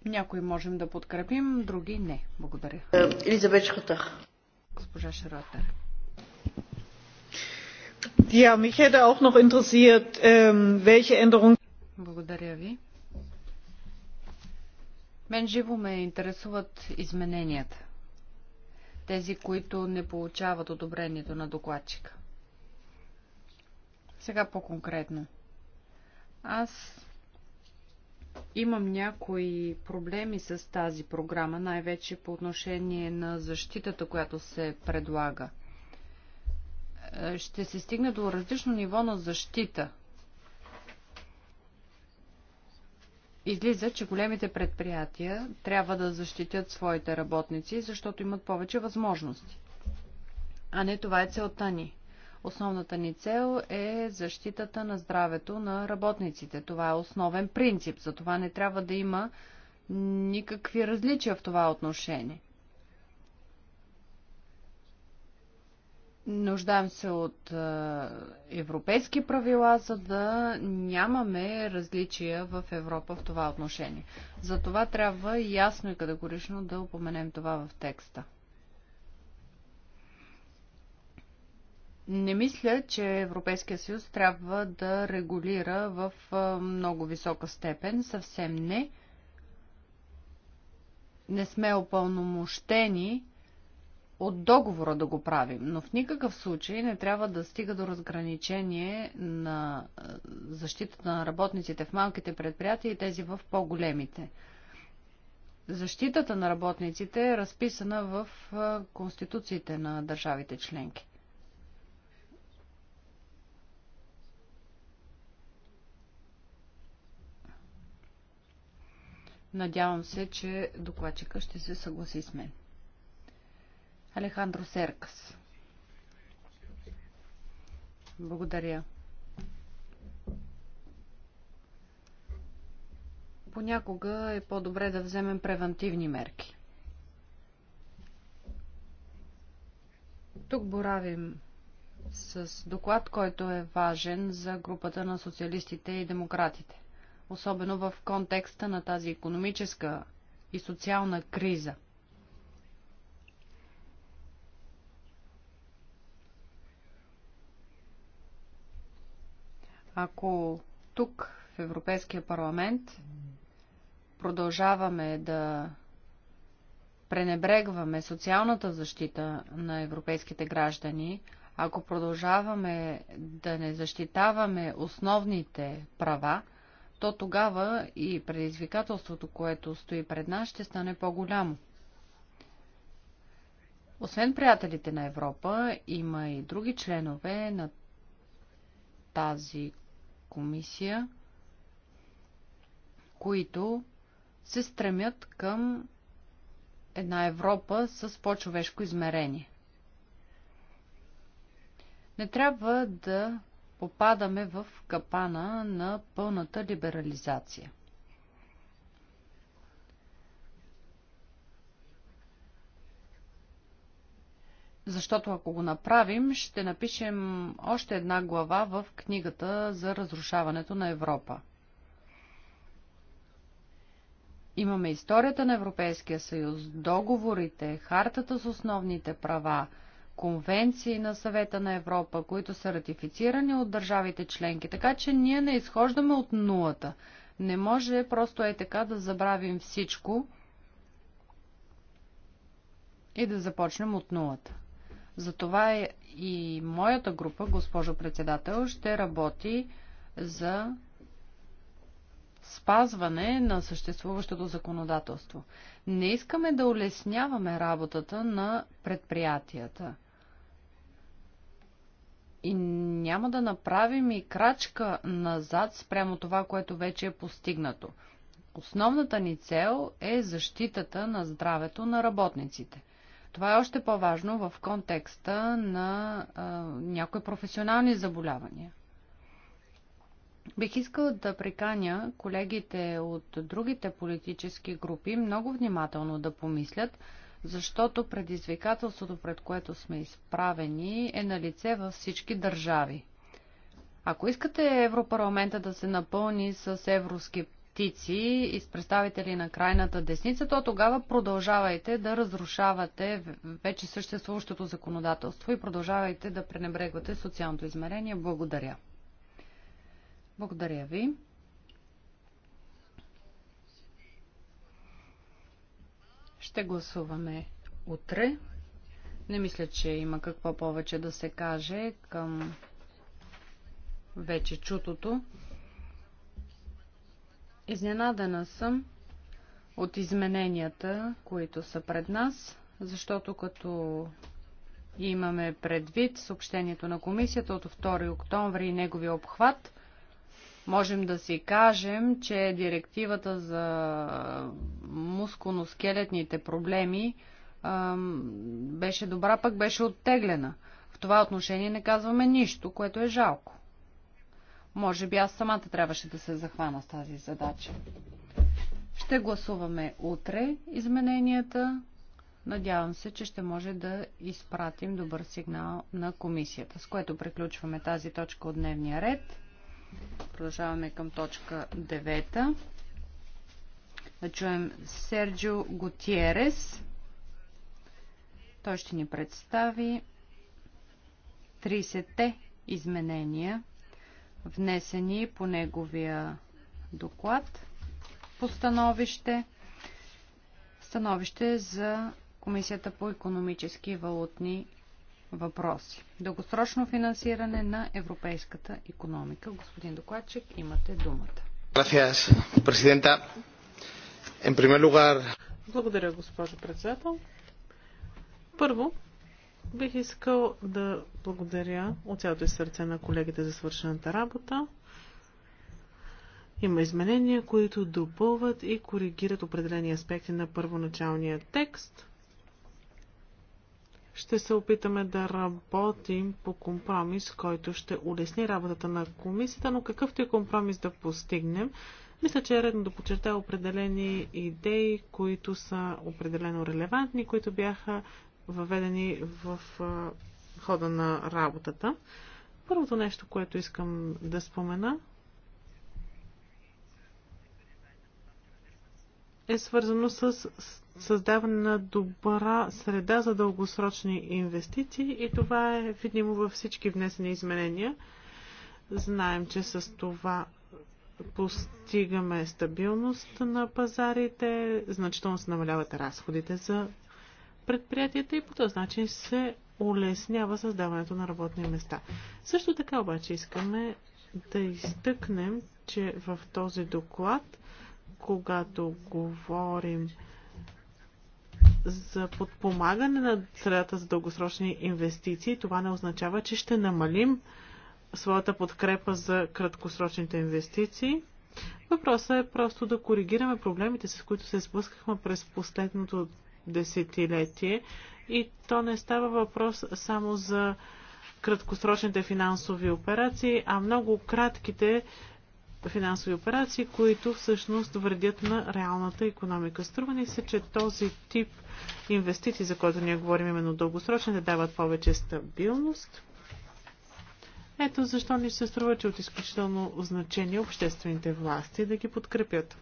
Speaker 2: Някои можем да подкрепим, други не. Благодаря. Е, Елизабет Шротър. Госпожа Шротър.
Speaker 1: Ja, mich hätte auch noch interessiert, ähm, welche Änderung...
Speaker 2: Благодаря ви. Мен живо ме интересуват измененията. Тези, които не получават одобрението на докладчика. Сега по-конкретно. Аз Имам някои проблеми с тази програма, най-вече по отношение на защитата, която се предлага. Е, ще се стигне до различно ниво на защита. Излиза, че големите предприятия трябва да защитят своите работници, защото имат повече възможности. А не това е целта ни. Основната ни цел е защитата на здравето на работниците. Това е основен принцип. За това не трябва да има никакви различия в това отношение. Нуждаем се от европейски правила, за да нямаме различия в Европа в това отношение. За това трябва ясно и категорично да упоменем това в текста. Не мисля, че Европейския съюз трябва да регулира в много висока степен. Съвсем не. Не сме опълномощени от договора да го правим, но в никакъв случай не трябва да стига до разграничение на защитата на работниците в малките предприятия и тези в по-големите. Защитата на работниците е разписана в конституциите на държавите членки. Надявам се, че докладчика ще се съгласи с мен. Алехандро Серкас. Благодаря. Понякога е по-добре да вземем превентивни мерки. Тук боравим с доклад, който е важен за групата на социалистите и демократите особено в контекста на тази економическа и социална криза. Ако тук в Европейския парламент продължаваме да пренебрегваме социалната защита на европейските граждани, ако продължаваме да не защитаваме основните права, то тогава и предизвикателството, което стои пред нас, ще стане по-голямо. Освен приятелите на Европа, има и други членове на тази комисия, които се стремят към една Европа с по-човешко измерение. Не трябва да попадаме в капана на пълната либерализация. Защото ако го направим, ще напишем още една глава в книгата за разрушаването на Европа. Имаме историята на Европейския съюз, договорите, хартата с основните права – конвенции на съвета на Европа, които са ратифицирани от държавите членки. Така че ние не изхождаме от нулата. Не може просто е така да забравим всичко и да започнем от нулата. Затова е и моята група, госпожо председател, ще работи за спазване на съществуващото законодателство. Не искаме да улесняваме работата на предприятията и няма да направим и крачка назад спрямо това, което вече е постигнато. Основната ни цел е защитата на здравето на работниците. Това е още по-важно в контекста на а, някои професионални заболявания. Бих искала да приканя колегите от другите политически групи много внимателно да помислят защото предизвикателството, пред което сме изправени, е на лице във всички държави. Ако искате Европарламента да се напълни с евроскептици и с представители на крайната десница, то тогава продължавайте да разрушавате вече съществуващото законодателство и продължавайте да пренебрегвате социалното измерение. Благодаря. Благодаря ви. Ще гласуваме утре. Не мисля, че има какво повече да се каже към вече чутото. Изненадана съм от измененията, които са пред нас, защото като имаме предвид съобщението на комисията от 2 октомври и неговия обхват, Можем да си кажем, че директивата за мускулно-скелетните проблеми беше добра, пък беше оттеглена. В това отношение не казваме нищо, което е жалко. Може би аз самата трябваше да се захвана с тази задача. Ще гласуваме утре измененията. Надявам се, че ще може да изпратим добър сигнал на комисията, с което приключваме тази точка от дневния ред. Продължаваме към точка 9. Да чуем Серджио Готиерес. Той ще ни представи 30-те изменения, внесени по неговия доклад по становище. Становище за Комисията по економически и валутни въпроси. Дългосрочно финансиране на европейската економика. Господин докладчик, имате думата. Благодаря, госпожо председател.
Speaker 1: Първо, бих искал да благодаря от цялото сърце на колегите за свършената работа. Има изменения, които допълват и коригират определени аспекти на първоначалния текст – ще се опитаме да работим по компромис, който ще улесни работата на комисията, но какъвто и компромис да постигнем, мисля, че е редно да подчертая определени идеи, които са определено релевантни, които бяха въведени в хода на работата. Първото нещо, което искам да спомена, е свързано с създаване на добра среда за дългосрочни инвестиции и това е видимо във всички внесени изменения. Знаем, че с това постигаме стабилност на пазарите, значително се намаляват разходите за предприятията и по този начин се улеснява създаването на работни места. Също така обаче искаме да изтъкнем, че в този доклад, когато говорим за подпомагане на средата за дългосрочни инвестиции, това не означава, че ще намалим своята подкрепа за краткосрочните инвестиции. Въпросът е просто да коригираме проблемите, с които се сблъскахме през последното десетилетие. И то не става въпрос само за краткосрочните финансови операции, а много кратките финансови операции, които всъщност вредят на реалната економика. Струва ни се, че този тип инвестиции, за който ние говорим именно дългосрочни, да дават повече стабилност. Ето защо ни се струва, че е от изключително значение обществените власти да ги подкрепят.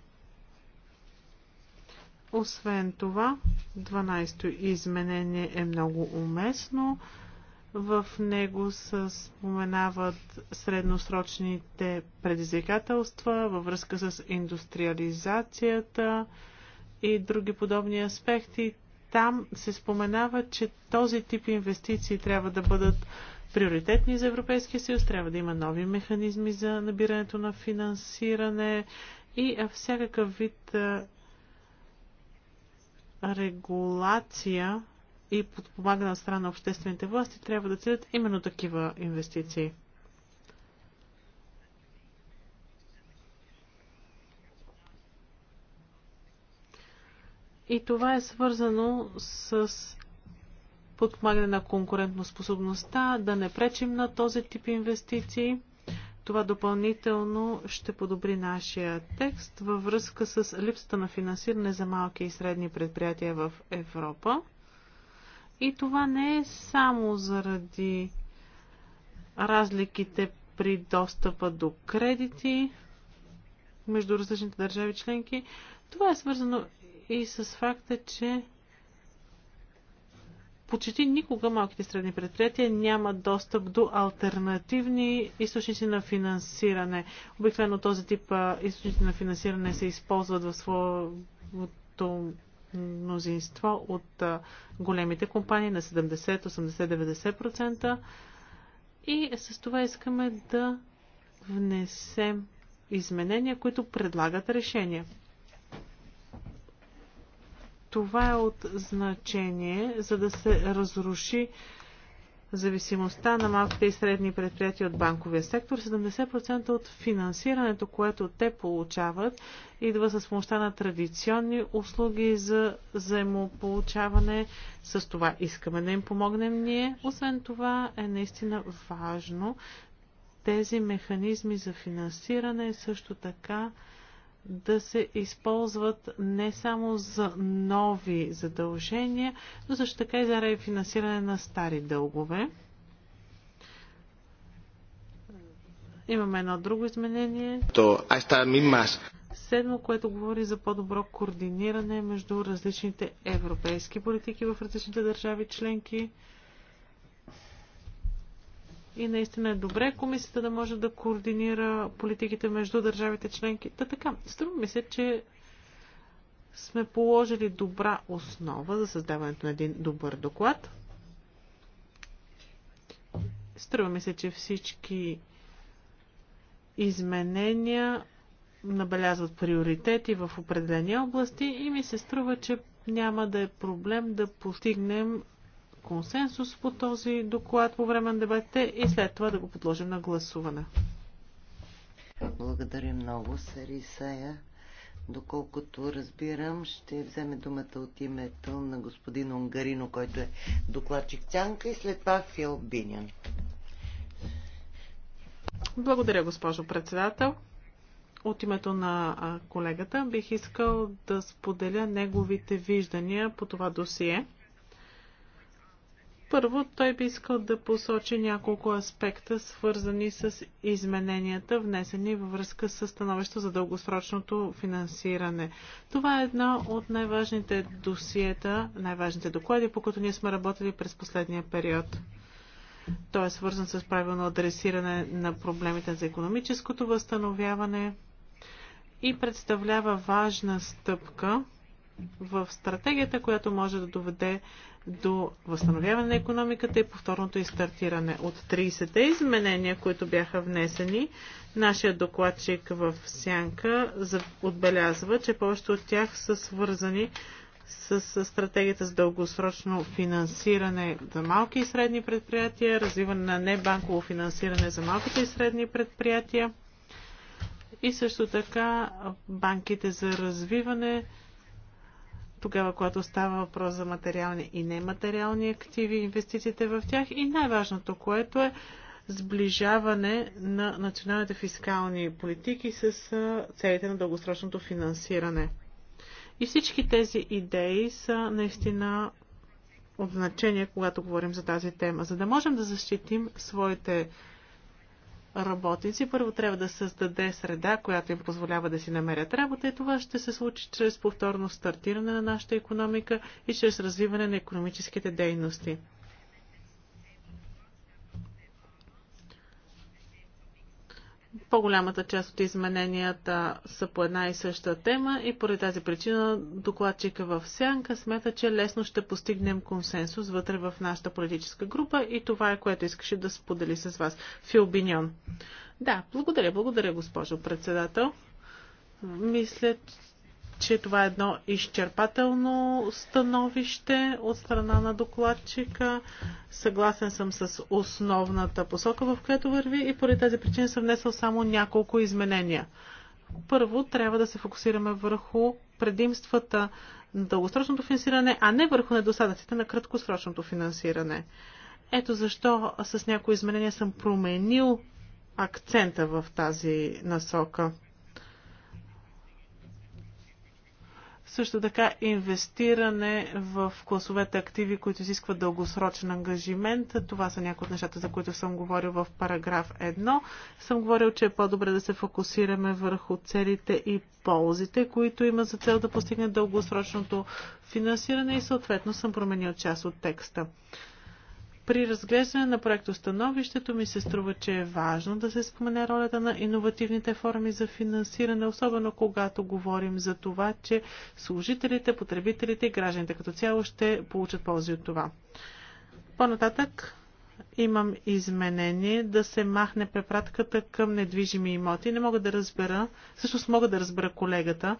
Speaker 1: Освен това, 12-то изменение е много уместно. В него се споменават средносрочните предизвикателства във връзка с индустриализацията и други подобни аспекти. Там се споменава, че този тип инвестиции трябва да бъдат приоритетни за Европейския съюз, трябва да има нови механизми за набирането на финансиране и всякакъв вид регулация и подпомагана от страна на обществените власти трябва да целят именно такива инвестиции. И това е свързано с подпомагане на способността, да не пречим на този тип инвестиции. Това допълнително ще подобри нашия текст във връзка с липсата на финансиране за малки и средни предприятия в Европа. И това не е само заради разликите при достъпа до кредити между различните държави членки. Това е свързано и с факта, че почти никога малките средни предприятия няма достъп до альтернативни източници на финансиране. Обикновено този тип източници на финансиране се използват в своето мнозинство от големите компании на 70-80-90% и с това искаме да внесем изменения, които предлагат решения. Това е от значение, за да се разруши зависимостта на малките и средни предприятия от банковия сектор. 70% от финансирането, което те получават, идва с помощта на традиционни услуги за взаимополучаване. С това искаме да им помогнем ние. Освен това е наистина важно тези механизми за финансиране също така да се използват не само за нови задължения, но също така и за рефинансиране на стари дългове. Имаме едно друго изменение. То,
Speaker 3: аз мимас.
Speaker 1: Седмо, което говори за по-добро координиране между различните европейски политики в различните държави членки и наистина е добре комисията да може да координира политиките между държавите членки. Та да, така, струва ми се, че сме положили добра основа за създаването на един добър доклад. Струва ми се, че всички изменения набелязват приоритети в определени области и ми се струва, че няма да е проблем да постигнем консенсус по този доклад по време на дебатите и след това да го подложим на гласуване.
Speaker 3: Благодаря много, Сарисая. Доколкото разбирам, ще вземе думата от името на господин Унгарино, който е докладчик Цянка и след това Фил Бинян.
Speaker 1: Благодаря, госпожо председател. От името на колегата бих искал да споделя неговите виждания по това досие. Първо, той би искал да посочи няколко аспекта, свързани с измененията, внесени във връзка с становището за дългосрочното финансиране. Това е една от най-важните досиета, най-важните доклади, по които ние сме работили през последния период. Той е свързан с правилно адресиране на проблемите за економическото възстановяване и представлява важна стъпка в стратегията, която може да доведе до възстановяване на економиката и повторното изстартиране. От 30-те изменения, които бяха внесени, нашия докладчик в Сянка отбелязва, че повечето от тях са свързани с стратегията за дългосрочно финансиране за малки и средни предприятия, развиване на небанково финансиране за малките и средни предприятия и също така банките за развиване, тогава, когато става въпрос за материални и нематериални активи, инвестициите в тях и най-важното, което е сближаване на националните фискални политики с целите на дългосрочното финансиране. И всички тези идеи са наистина от значение, когато говорим за тази тема. За да можем да защитим своите работници. Първо трябва да създаде среда, която им позволява да си намерят работа и това ще се случи чрез повторно стартиране на нашата економика и чрез развиване на економическите дейности. По-голямата част от измененията са по една и съща тема и поради тази причина докладчика в Сянка смята, че лесно ще постигнем консенсус вътре в нашата политическа група и това е което искаше да сподели с вас. Филбиньон. Да, благодаря, благодаря, госпожо председател. Мисля, че това е едно изчерпателно становище от страна на докладчика. Съгласен съм с основната посока, в която върви и поради тази причина съм внесъл само няколко изменения. Първо, трябва да се фокусираме върху предимствата на дългосрочното финансиране, а не върху недостатъците на краткосрочното финансиране. Ето защо с някои изменения съм променил акцента в тази насока. Също така инвестиране в класовете активи, които изискват дългосрочен ангажимент. Това са някои от нещата, за които съм говорил в параграф 1. Съм говорил, че е по-добре да се фокусираме върху целите и ползите, които има за цел да постигне дългосрочното финансиране и съответно съм променил част от текста. При разглеждане на проектостановището ми се струва, че е важно да се спомене ролята на иновативните форми за финансиране, особено когато говорим за това, че служителите, потребителите и гражданите като цяло ще получат ползи от това. По-нататък имам изменение да се махне препратката към недвижими имоти. Не мога да разбера, всъщност мога да разбера колегата,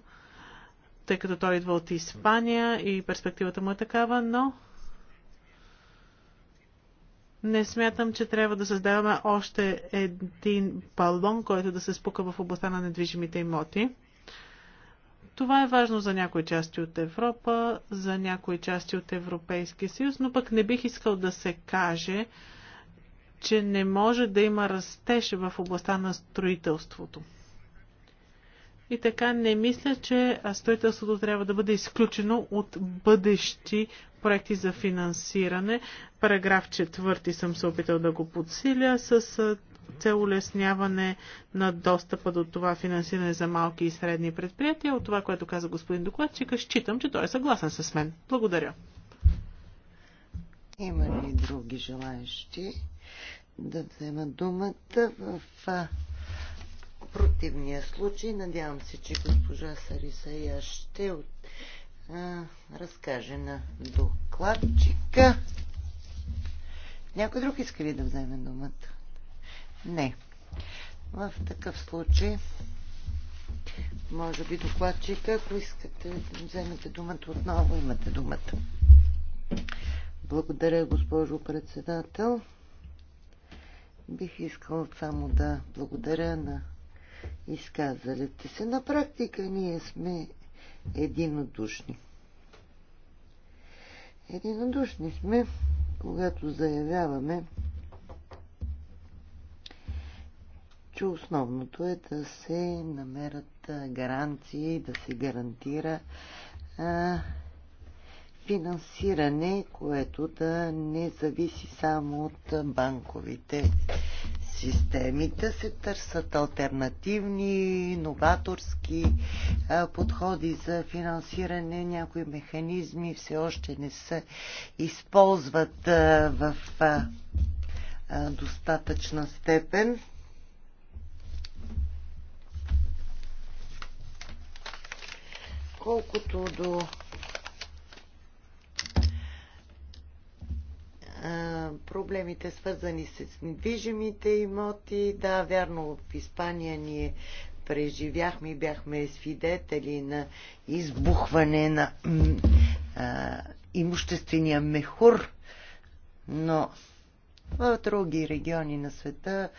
Speaker 1: тъй като той идва от Испания и перспективата му е такава, но не смятам, че трябва да създаваме още един балон, който да се спука в областта на недвижимите имоти. Това е важно за някои части от Европа, за някои части от Европейския съюз, но пък не бих искал да се каже, че не може да има растеж в областта на строителството. И така не мисля, че строителството трябва да бъде изключено от бъдещи проекти за финансиране. Параграф 4 съм се опитал да го подсиля с цел улесняване на достъпа до това финансиране за малки и средни предприятия. От това, което каза господин докладчика, считам, че той е съгласен с мен. Благодаря.
Speaker 3: Има ли други желаящи да вземат думата в противния случай. Надявам се, че госпожа Сарисая ще от, а, разкаже на докладчика. Някой друг иска ли да вземе думата? Не. В такъв случай, може би докладчика, ако искате да вземете думата отново, имате думата. Благодаря, госпожо председател. Бих искал само да благодаря на изказалите се. На практика ние сме единодушни. Единодушни сме, когато заявяваме, че основното е да се намерят гаранции, да се гарантира а, финансиране, което да не зависи само от банковите системите се търсят альтернативни, новаторски подходи за финансиране. Някои механизми все още не се използват в достатъчна степен. Колкото до проблемите свързани с недвижимите имоти. Да, вярно, в Испания ние преживяхме и бяхме свидетели на избухване на а, имуществения мехур, но в други региони на света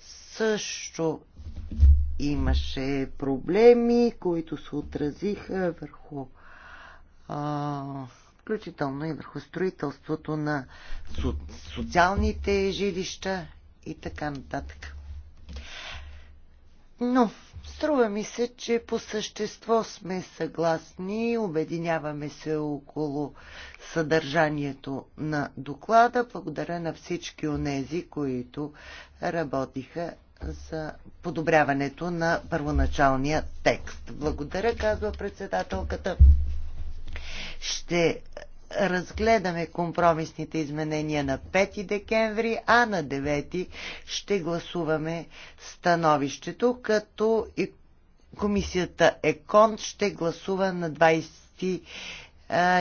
Speaker 3: също имаше проблеми, които се отразиха върху а, включително и върху строителството на социалните жилища и така нататък. Но струва ми се, че по същество сме съгласни, обединяваме се около съдържанието на доклада. Благодаря на всички онези, които работиха за подобряването на първоначалния текст. Благодаря, казва председателката ще разгледаме компромисните изменения на 5 декември, а на 9 ще гласуваме становището, като и комисията ЕКОН ще гласува на 20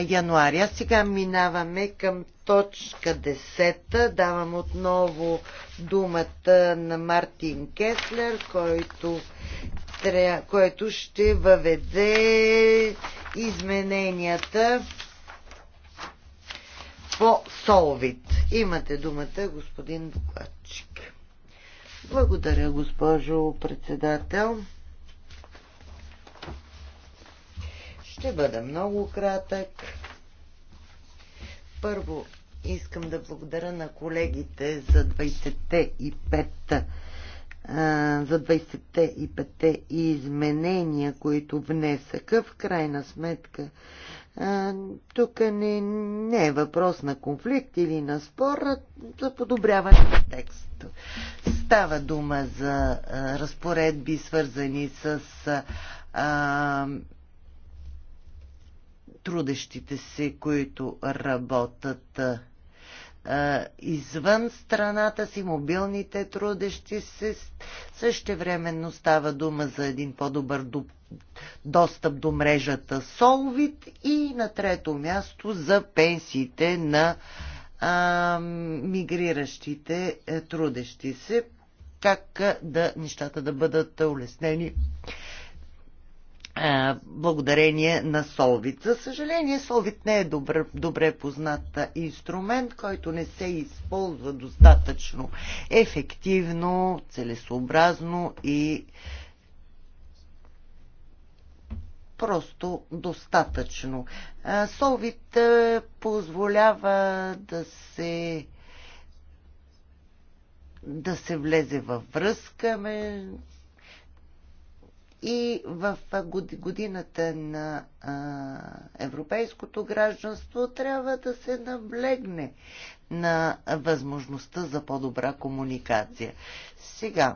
Speaker 3: януари. А сега минаваме към точка 10. Давам отново думата на Мартин Кеслер, който което ще въведе измененията по Солвит. Имате думата, господин докладчик. Благодаря, госпожо председател. Ще бъда много кратък. Първо, искам да благодаря на колегите за 25 за 25-те и 5-те изменения, които внесаха, в крайна сметка тук не, не е въпрос на конфликт или на спор, а за подобряване на текста. Става дума за а, разпоредби, свързани с а, трудещите се, които работят извън страната си, мобилните трудещи се. Същевременно става дума за един по-добър достъп до мрежата Солвит и на трето място за пенсиите на а, мигриращите е, трудещи се. Как да нещата да бъдат улеснени благодарение на Солвит. За съжаление, Солвит не е добре, добре познат инструмент, който не се използва достатъчно ефективно, целесообразно и просто достатъчно. Солвит позволява да се да се влезе във връзка и в годината на европейското гражданство трябва да се наблегне на възможността за по-добра комуникация. Сега,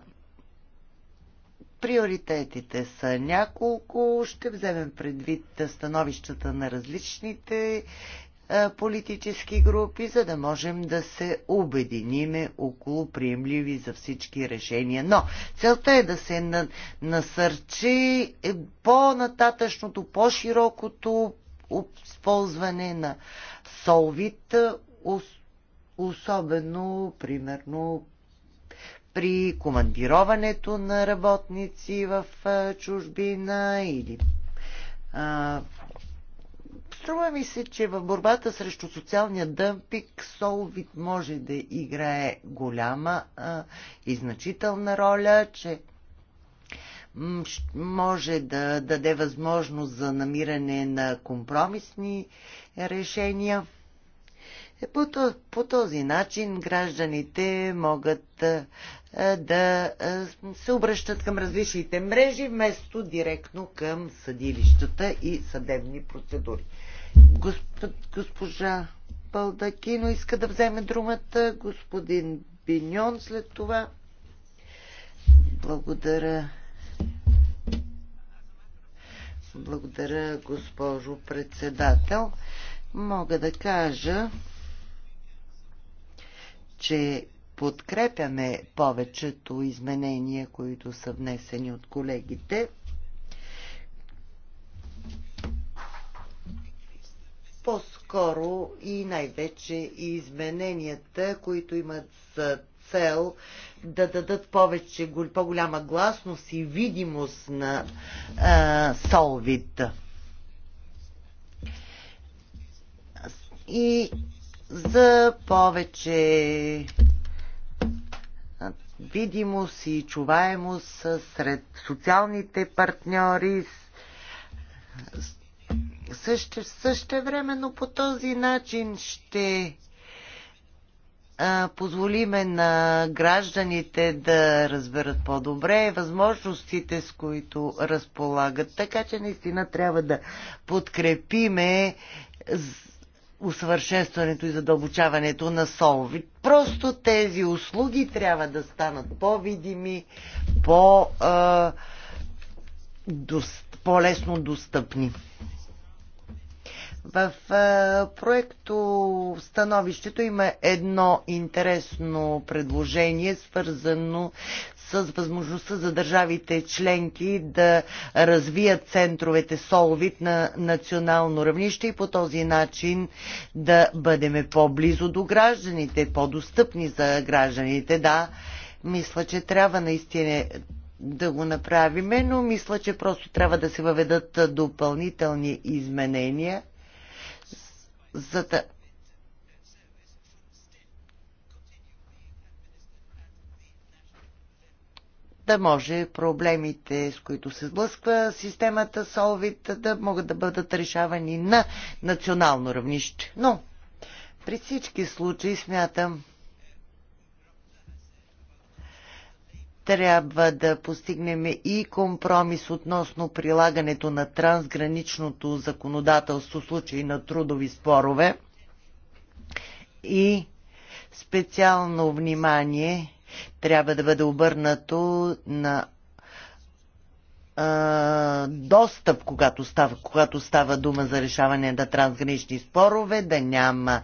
Speaker 3: Приоритетите са няколко. Ще вземем предвид становищата на различните е, политически групи, за да можем да се обединиме около приемливи за всички решения. Но целта е да се насърчи е, по-нататъчното, по-широкото използване на солвит, е, особено, примерно, при командироването на работници в чужбина или Струва ми се, че в борбата срещу социалния дъмпик Солвит може да играе голяма а, и значителна роля, че може да даде възможност за намиране на компромисни решения. Е, по, по този начин гражданите могат да се обръщат към различните мрежи, вместо директно към съдилищата и съдебни процедури госпожа Балдакино иска да вземе думата. Господин Биньон след това. Благодаря. Благодаря, госпожо председател. Мога да кажа, че подкрепяме повечето изменения, които са внесени от колегите – по-скоро и най-вече и измененията, които имат за цел да дадат повече, по-голяма гласност и видимост на а, Солвит. И за повече видимост и чуваемост сред социалните партньори, също, също но по този начин ще позволиме на гражданите да разберат по-добре възможностите, с които разполагат. Така че наистина трябва да подкрепиме усъвършенстването и задълбочаването на солови. Просто тези услуги трябва да станат по-видими, по, по-лесно достъпни. В е, проекто становището има едно интересно предложение, свързано с възможността за държавите членки да развият центровете Солвит на национално равнище и по този начин да бъдем по-близо до гражданите, по-достъпни за гражданите. Да, мисля, че трябва наистина да го направиме, но мисля, че просто трябва да се въведат допълнителни изменения – за да да може проблемите, с които се сблъсква системата Солвит, да могат да бъдат решавани на национално равнище. Но при всички случаи смятам, трябва да постигнем и компромис относно прилагането на трансграничното законодателство в случай на трудови спорове и специално внимание трябва да бъде обърнато на достъп, когато става, когато става дума за решаване на трансгранични спорове, да няма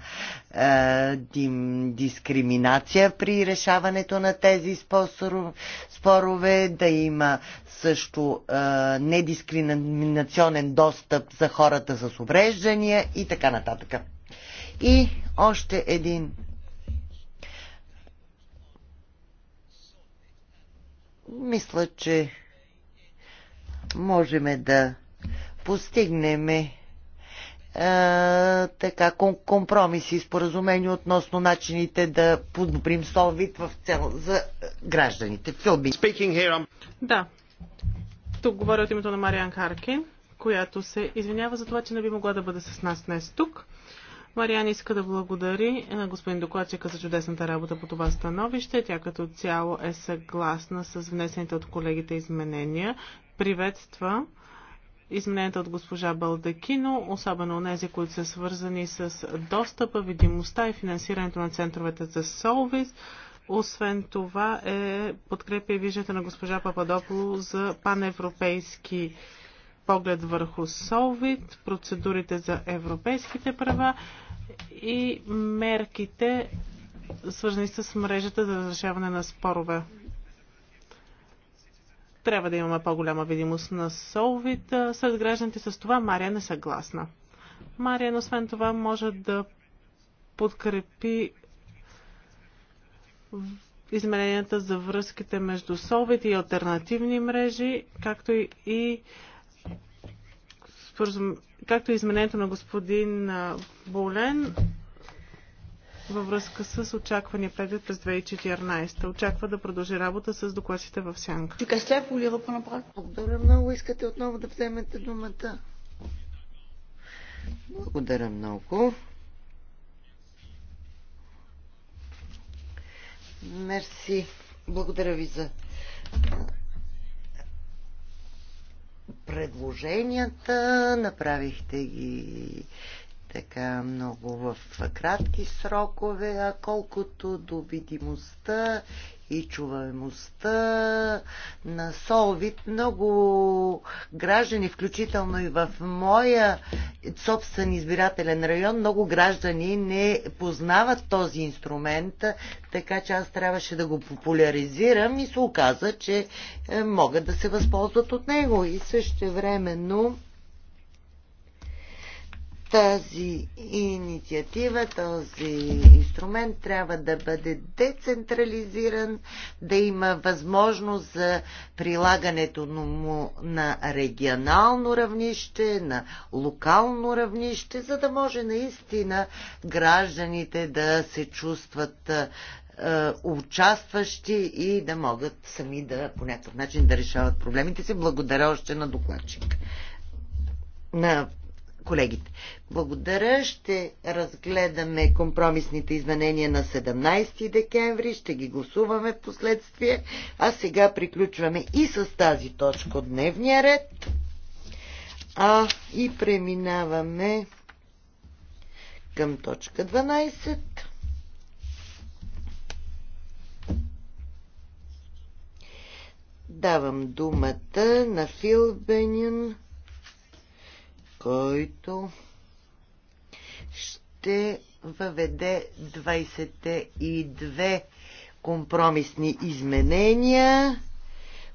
Speaker 3: дим, дискриминация при решаването на тези спорове, да има също недискриминационен достъп за хората с увреждания и така нататък. И още един мисля, че можем да постигнем е, така компромиси и споразумения относно начините да подобрим Солвит в цел за гражданите. Филби.
Speaker 1: Да. Тук говоря от името на Мариан Харкин, която се извинява за това, че не би могла да бъде с нас днес тук. Мариан иска да благодари на е, господин докладчика за чудесната работа по това становище. Тя като цяло е съгласна с внесените от колегите изменения приветства измененията от госпожа Балдекино, особено тези, които са свързани с достъпа, видимостта и финансирането на центровете за Солвис. Освен това е подкрепя и виждането на госпожа Пападополо за паневропейски поглед върху Солвит, процедурите за европейските права и мерките свързани с мрежата за разрешаване на спорове. Трябва да имаме по-голяма видимост на Солвит сред гражданите. С това Мария не е съгласна. Мария, освен това, може да подкрепи измененията за връзките между Солвит и альтернативни мрежи, както и както и изменението на господин Болен във връзка с очаквания преглед през 2014. Очаква да продължи работа с докладците в Сянка.
Speaker 3: Е, Благодаря много. Искате отново да вземете думата? Благодаря много. Мерси. Благодаря ви за предложенията. Направихте ги така много в кратки срокове, а колкото до видимостта и чуваемостта на Солвит. Много граждани, включително и в моя собствен избирателен район, много граждани не познават този инструмент, така че аз трябваше да го популяризирам и се оказа, че е, могат да се възползват от него. И също времено тази инициатива, този инструмент трябва да бъде децентрализиран, да има възможност за прилагането му на регионално равнище, на локално равнище, за да може наистина гражданите да се чувстват е, участващи и да могат сами да по някакъв начин да решават проблемите си. Благодаря още на докладчик. На колегите. Благодаря. Ще разгледаме компромисните изменения на 17 декември. Ще ги гласуваме в последствие. А сега приключваме и с тази точка от дневния ред. А и преминаваме към точка 12. Давам думата на Фил Бенин който ще въведе 22 компромисни изменения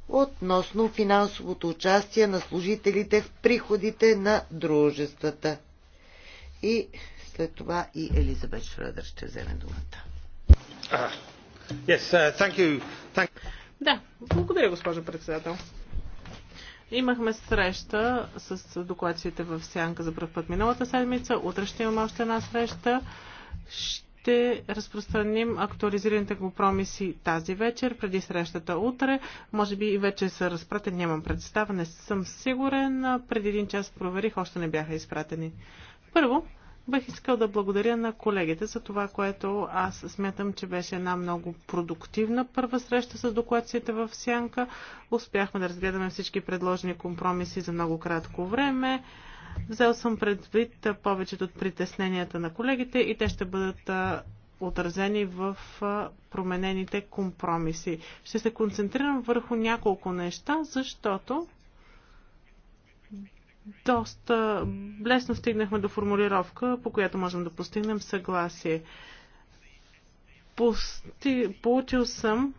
Speaker 3: относно финансовото участие на служителите в приходите на дружествата. И след това и Елизабет Шрадър ще вземе думата.
Speaker 1: Ah, yes, uh, thank
Speaker 3: you. Thank...
Speaker 1: Да, благодаря, госпожо председател. Имахме среща с докладците в Сянка за първ път миналата седмица. Утре ще имаме още една среща. Ще разпространим актуализираните компромиси тази вечер, преди срещата утре. Може би и вече са разпратени, нямам представа, не съм сигурен. Преди един час проверих, още не бяха изпратени. Първо, Бих искал да благодаря на колегите за това, което аз смятам, че беше една много продуктивна първа среща с докладците в Сянка. Успяхме да разгледаме всички предложени компромиси за много кратко време. Взел съм предвид повечето от притесненията на колегите и те ще бъдат отразени в променените компромиси. Ще се концентрирам върху няколко неща, защото доста лесно стигнахме до формулировка, по която можем да постигнем съгласие. Пости... Получил съм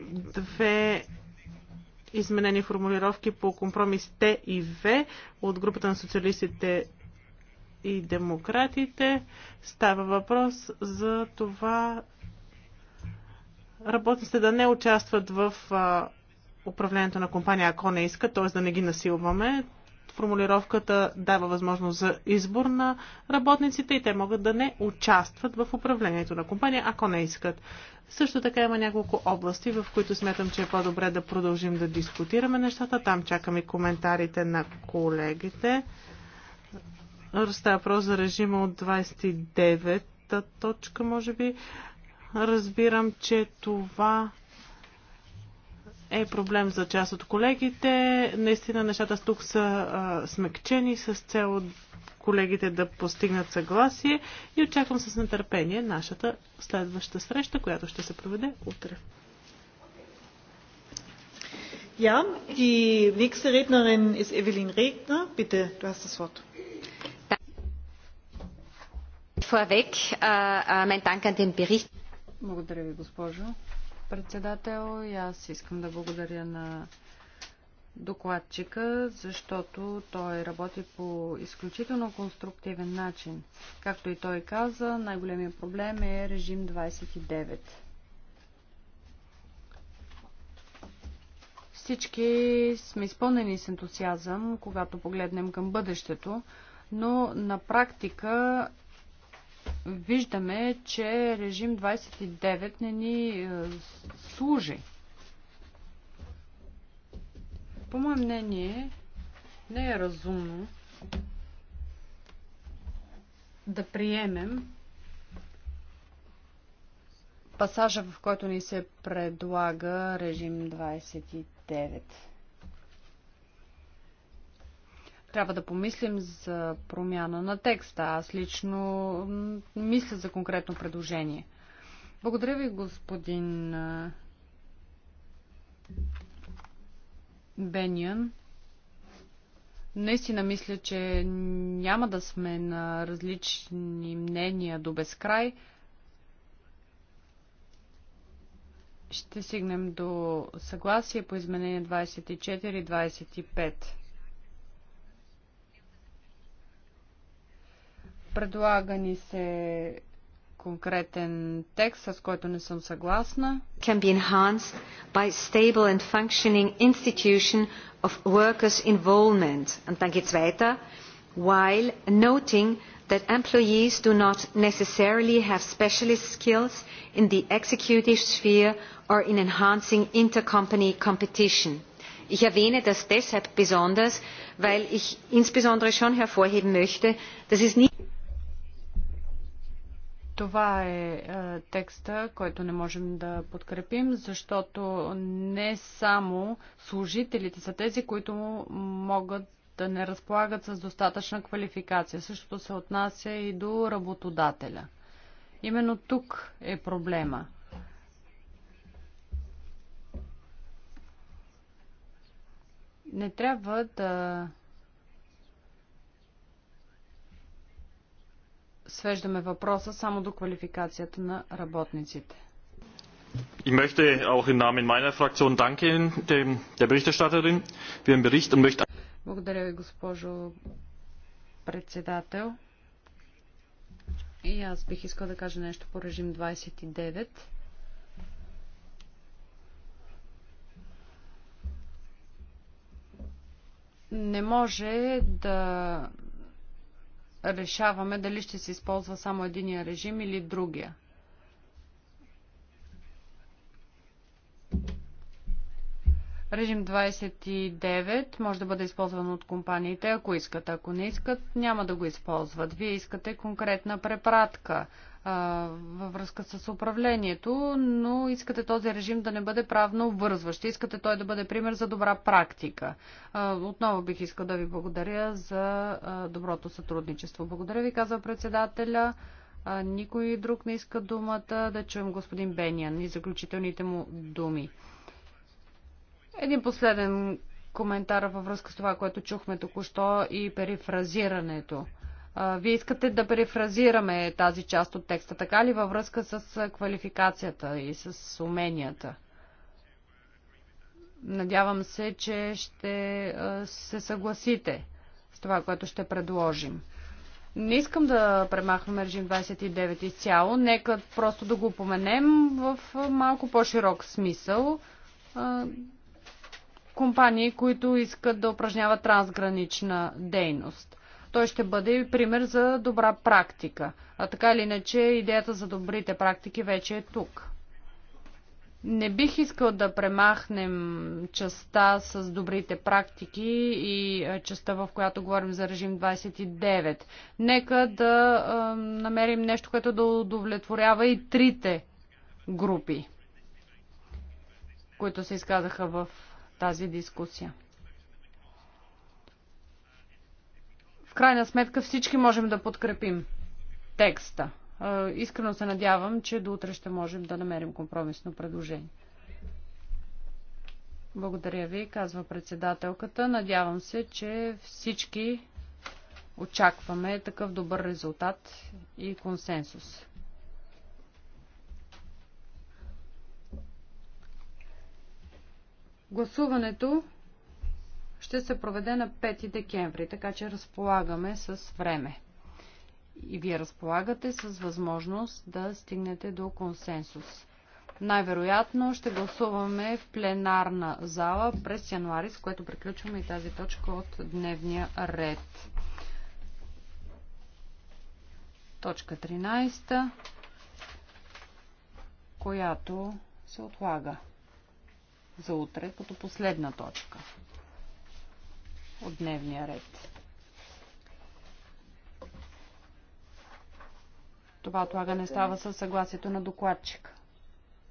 Speaker 1: две изменени формулировки по компромис Т и В от групата на социалистите и демократите. Става въпрос за това работниците да не участват в управлението на компания, ако не искат, т.е. да не ги насилваме формулировката дава възможност за избор на работниците и те могат да не участват в управлението на компания, ако не искат. Също така има няколко области, в които смятам, че е по-добре да продължим да дискутираме нещата. Там чакаме коментарите на колегите. Става въпрос за режима от 29 точка, може би. Разбирам, че това е проблем за част от колегите. Наистина нещата тук са а, смекчени с цел колегите да постигнат съгласие и очаквам с нетърпение нашата следваща среща, която ще се проведе утре. Ja, die nächste Rednerin ist Evelyn Regner. Bitte, du
Speaker 2: hast das Wort. Vorweg, äh, äh mein Dank an den Bericht. Благодаря ви, госпожо председател. И аз искам да благодаря на докладчика, защото той работи по изключително конструктивен начин. Както и той каза, най-големият проблем е режим 29. Всички сме изпълнени с ентусиазъм, когато погледнем към бъдещето, но на практика виждаме, че режим 29 не ни е, служи. По мое мнение, не е разумно да приемем пасажа, в който ни се предлага режим 29 трябва да помислим за промяна на текста. Аз лично мисля за конкретно предложение. Благодаря ви, господин Бениан. Наистина мисля, че няма да сме на различни мнения до безкрай. Ще стигнем до съгласие по изменение 24 и 25. Предлага ни се конкретен текст, с който не съм съгласна. Can be enhanced by stable and functioning institution of workers involvement. And dann geht's weiter.
Speaker 1: While noting that employees do not necessarily have specialist skills in the executive sphere or in enhancing intercompany
Speaker 2: competition. Ich erwähne das deshalb besonders, weil ich insbesondere schon hervorheben möchte, dass es nicht това е, е текста, който не можем да подкрепим, защото не само служителите са тези, които могат да не разполагат с достатъчна квалификация. Същото се отнася и до работодателя. Именно тук е проблема. Не трябва да свеждаме въпроса само до квалификацията на работниците. Ich möchte auch im Namen meiner Fraktion
Speaker 1: danken dem, der Berichterstatterin für den Bericht und möchte.
Speaker 2: Благодаря ви, госпожо председател. И аз бих искал да кажа нещо по режим 29. Не може да решаваме дали ще се използва само единия режим или другия. Режим 29 може да бъде използван от компаниите, ако искат. Ако не искат, няма да го използват. Вие искате конкретна препратка във връзка с управлението, но искате този режим да не бъде правно вързващ. Искате той да бъде пример за добра практика. Отново бих искал да ви благодаря за доброто сътрудничество. Благодаря ви, казва председателя. Никой друг не иска думата. Да чуем господин Бениан и заключителните му думи. Един последен коментар във връзка с това, което чухме току-що и перифразирането. Вие искате да перефразираме тази част от текста, така ли във връзка с квалификацията и с уменията? Надявам се, че ще се съгласите с това, което ще предложим. Не искам да премахваме режим 29 изцяло, нека просто да го упоменем в малко по-широк смисъл. Компании, които искат да упражняват трансгранична дейност. Той ще бъде пример за добра практика. А така или иначе, идеята за добрите практики вече е тук. Не бих искал да премахнем частта с добрите практики и частта, в която говорим за режим 29. Нека да е, намерим нещо, което да удовлетворява и трите групи, които се изказаха в тази дискусия. в крайна сметка всички можем да подкрепим текста. Искрено се надявам, че до утре ще можем да намерим компромисно предложение. Благодаря ви, казва председателката. Надявам се, че всички очакваме такъв добър резултат и консенсус. Гласуването ще се проведе на 5 декември, така че разполагаме с време. И вие разполагате с възможност да стигнете до консенсус. Най-вероятно ще гласуваме в пленарна зала през януари, с което приключваме и тази точка от дневния ред. Точка 13, която се отлага за утре като последна точка от дневния ред. Това отлагане става със съгласието на докладчик.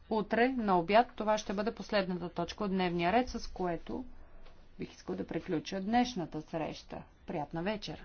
Speaker 2: Утре на обяд това ще бъде последната точка от дневния ред, с което бих искал да приключа днешната среща. Приятна вечер!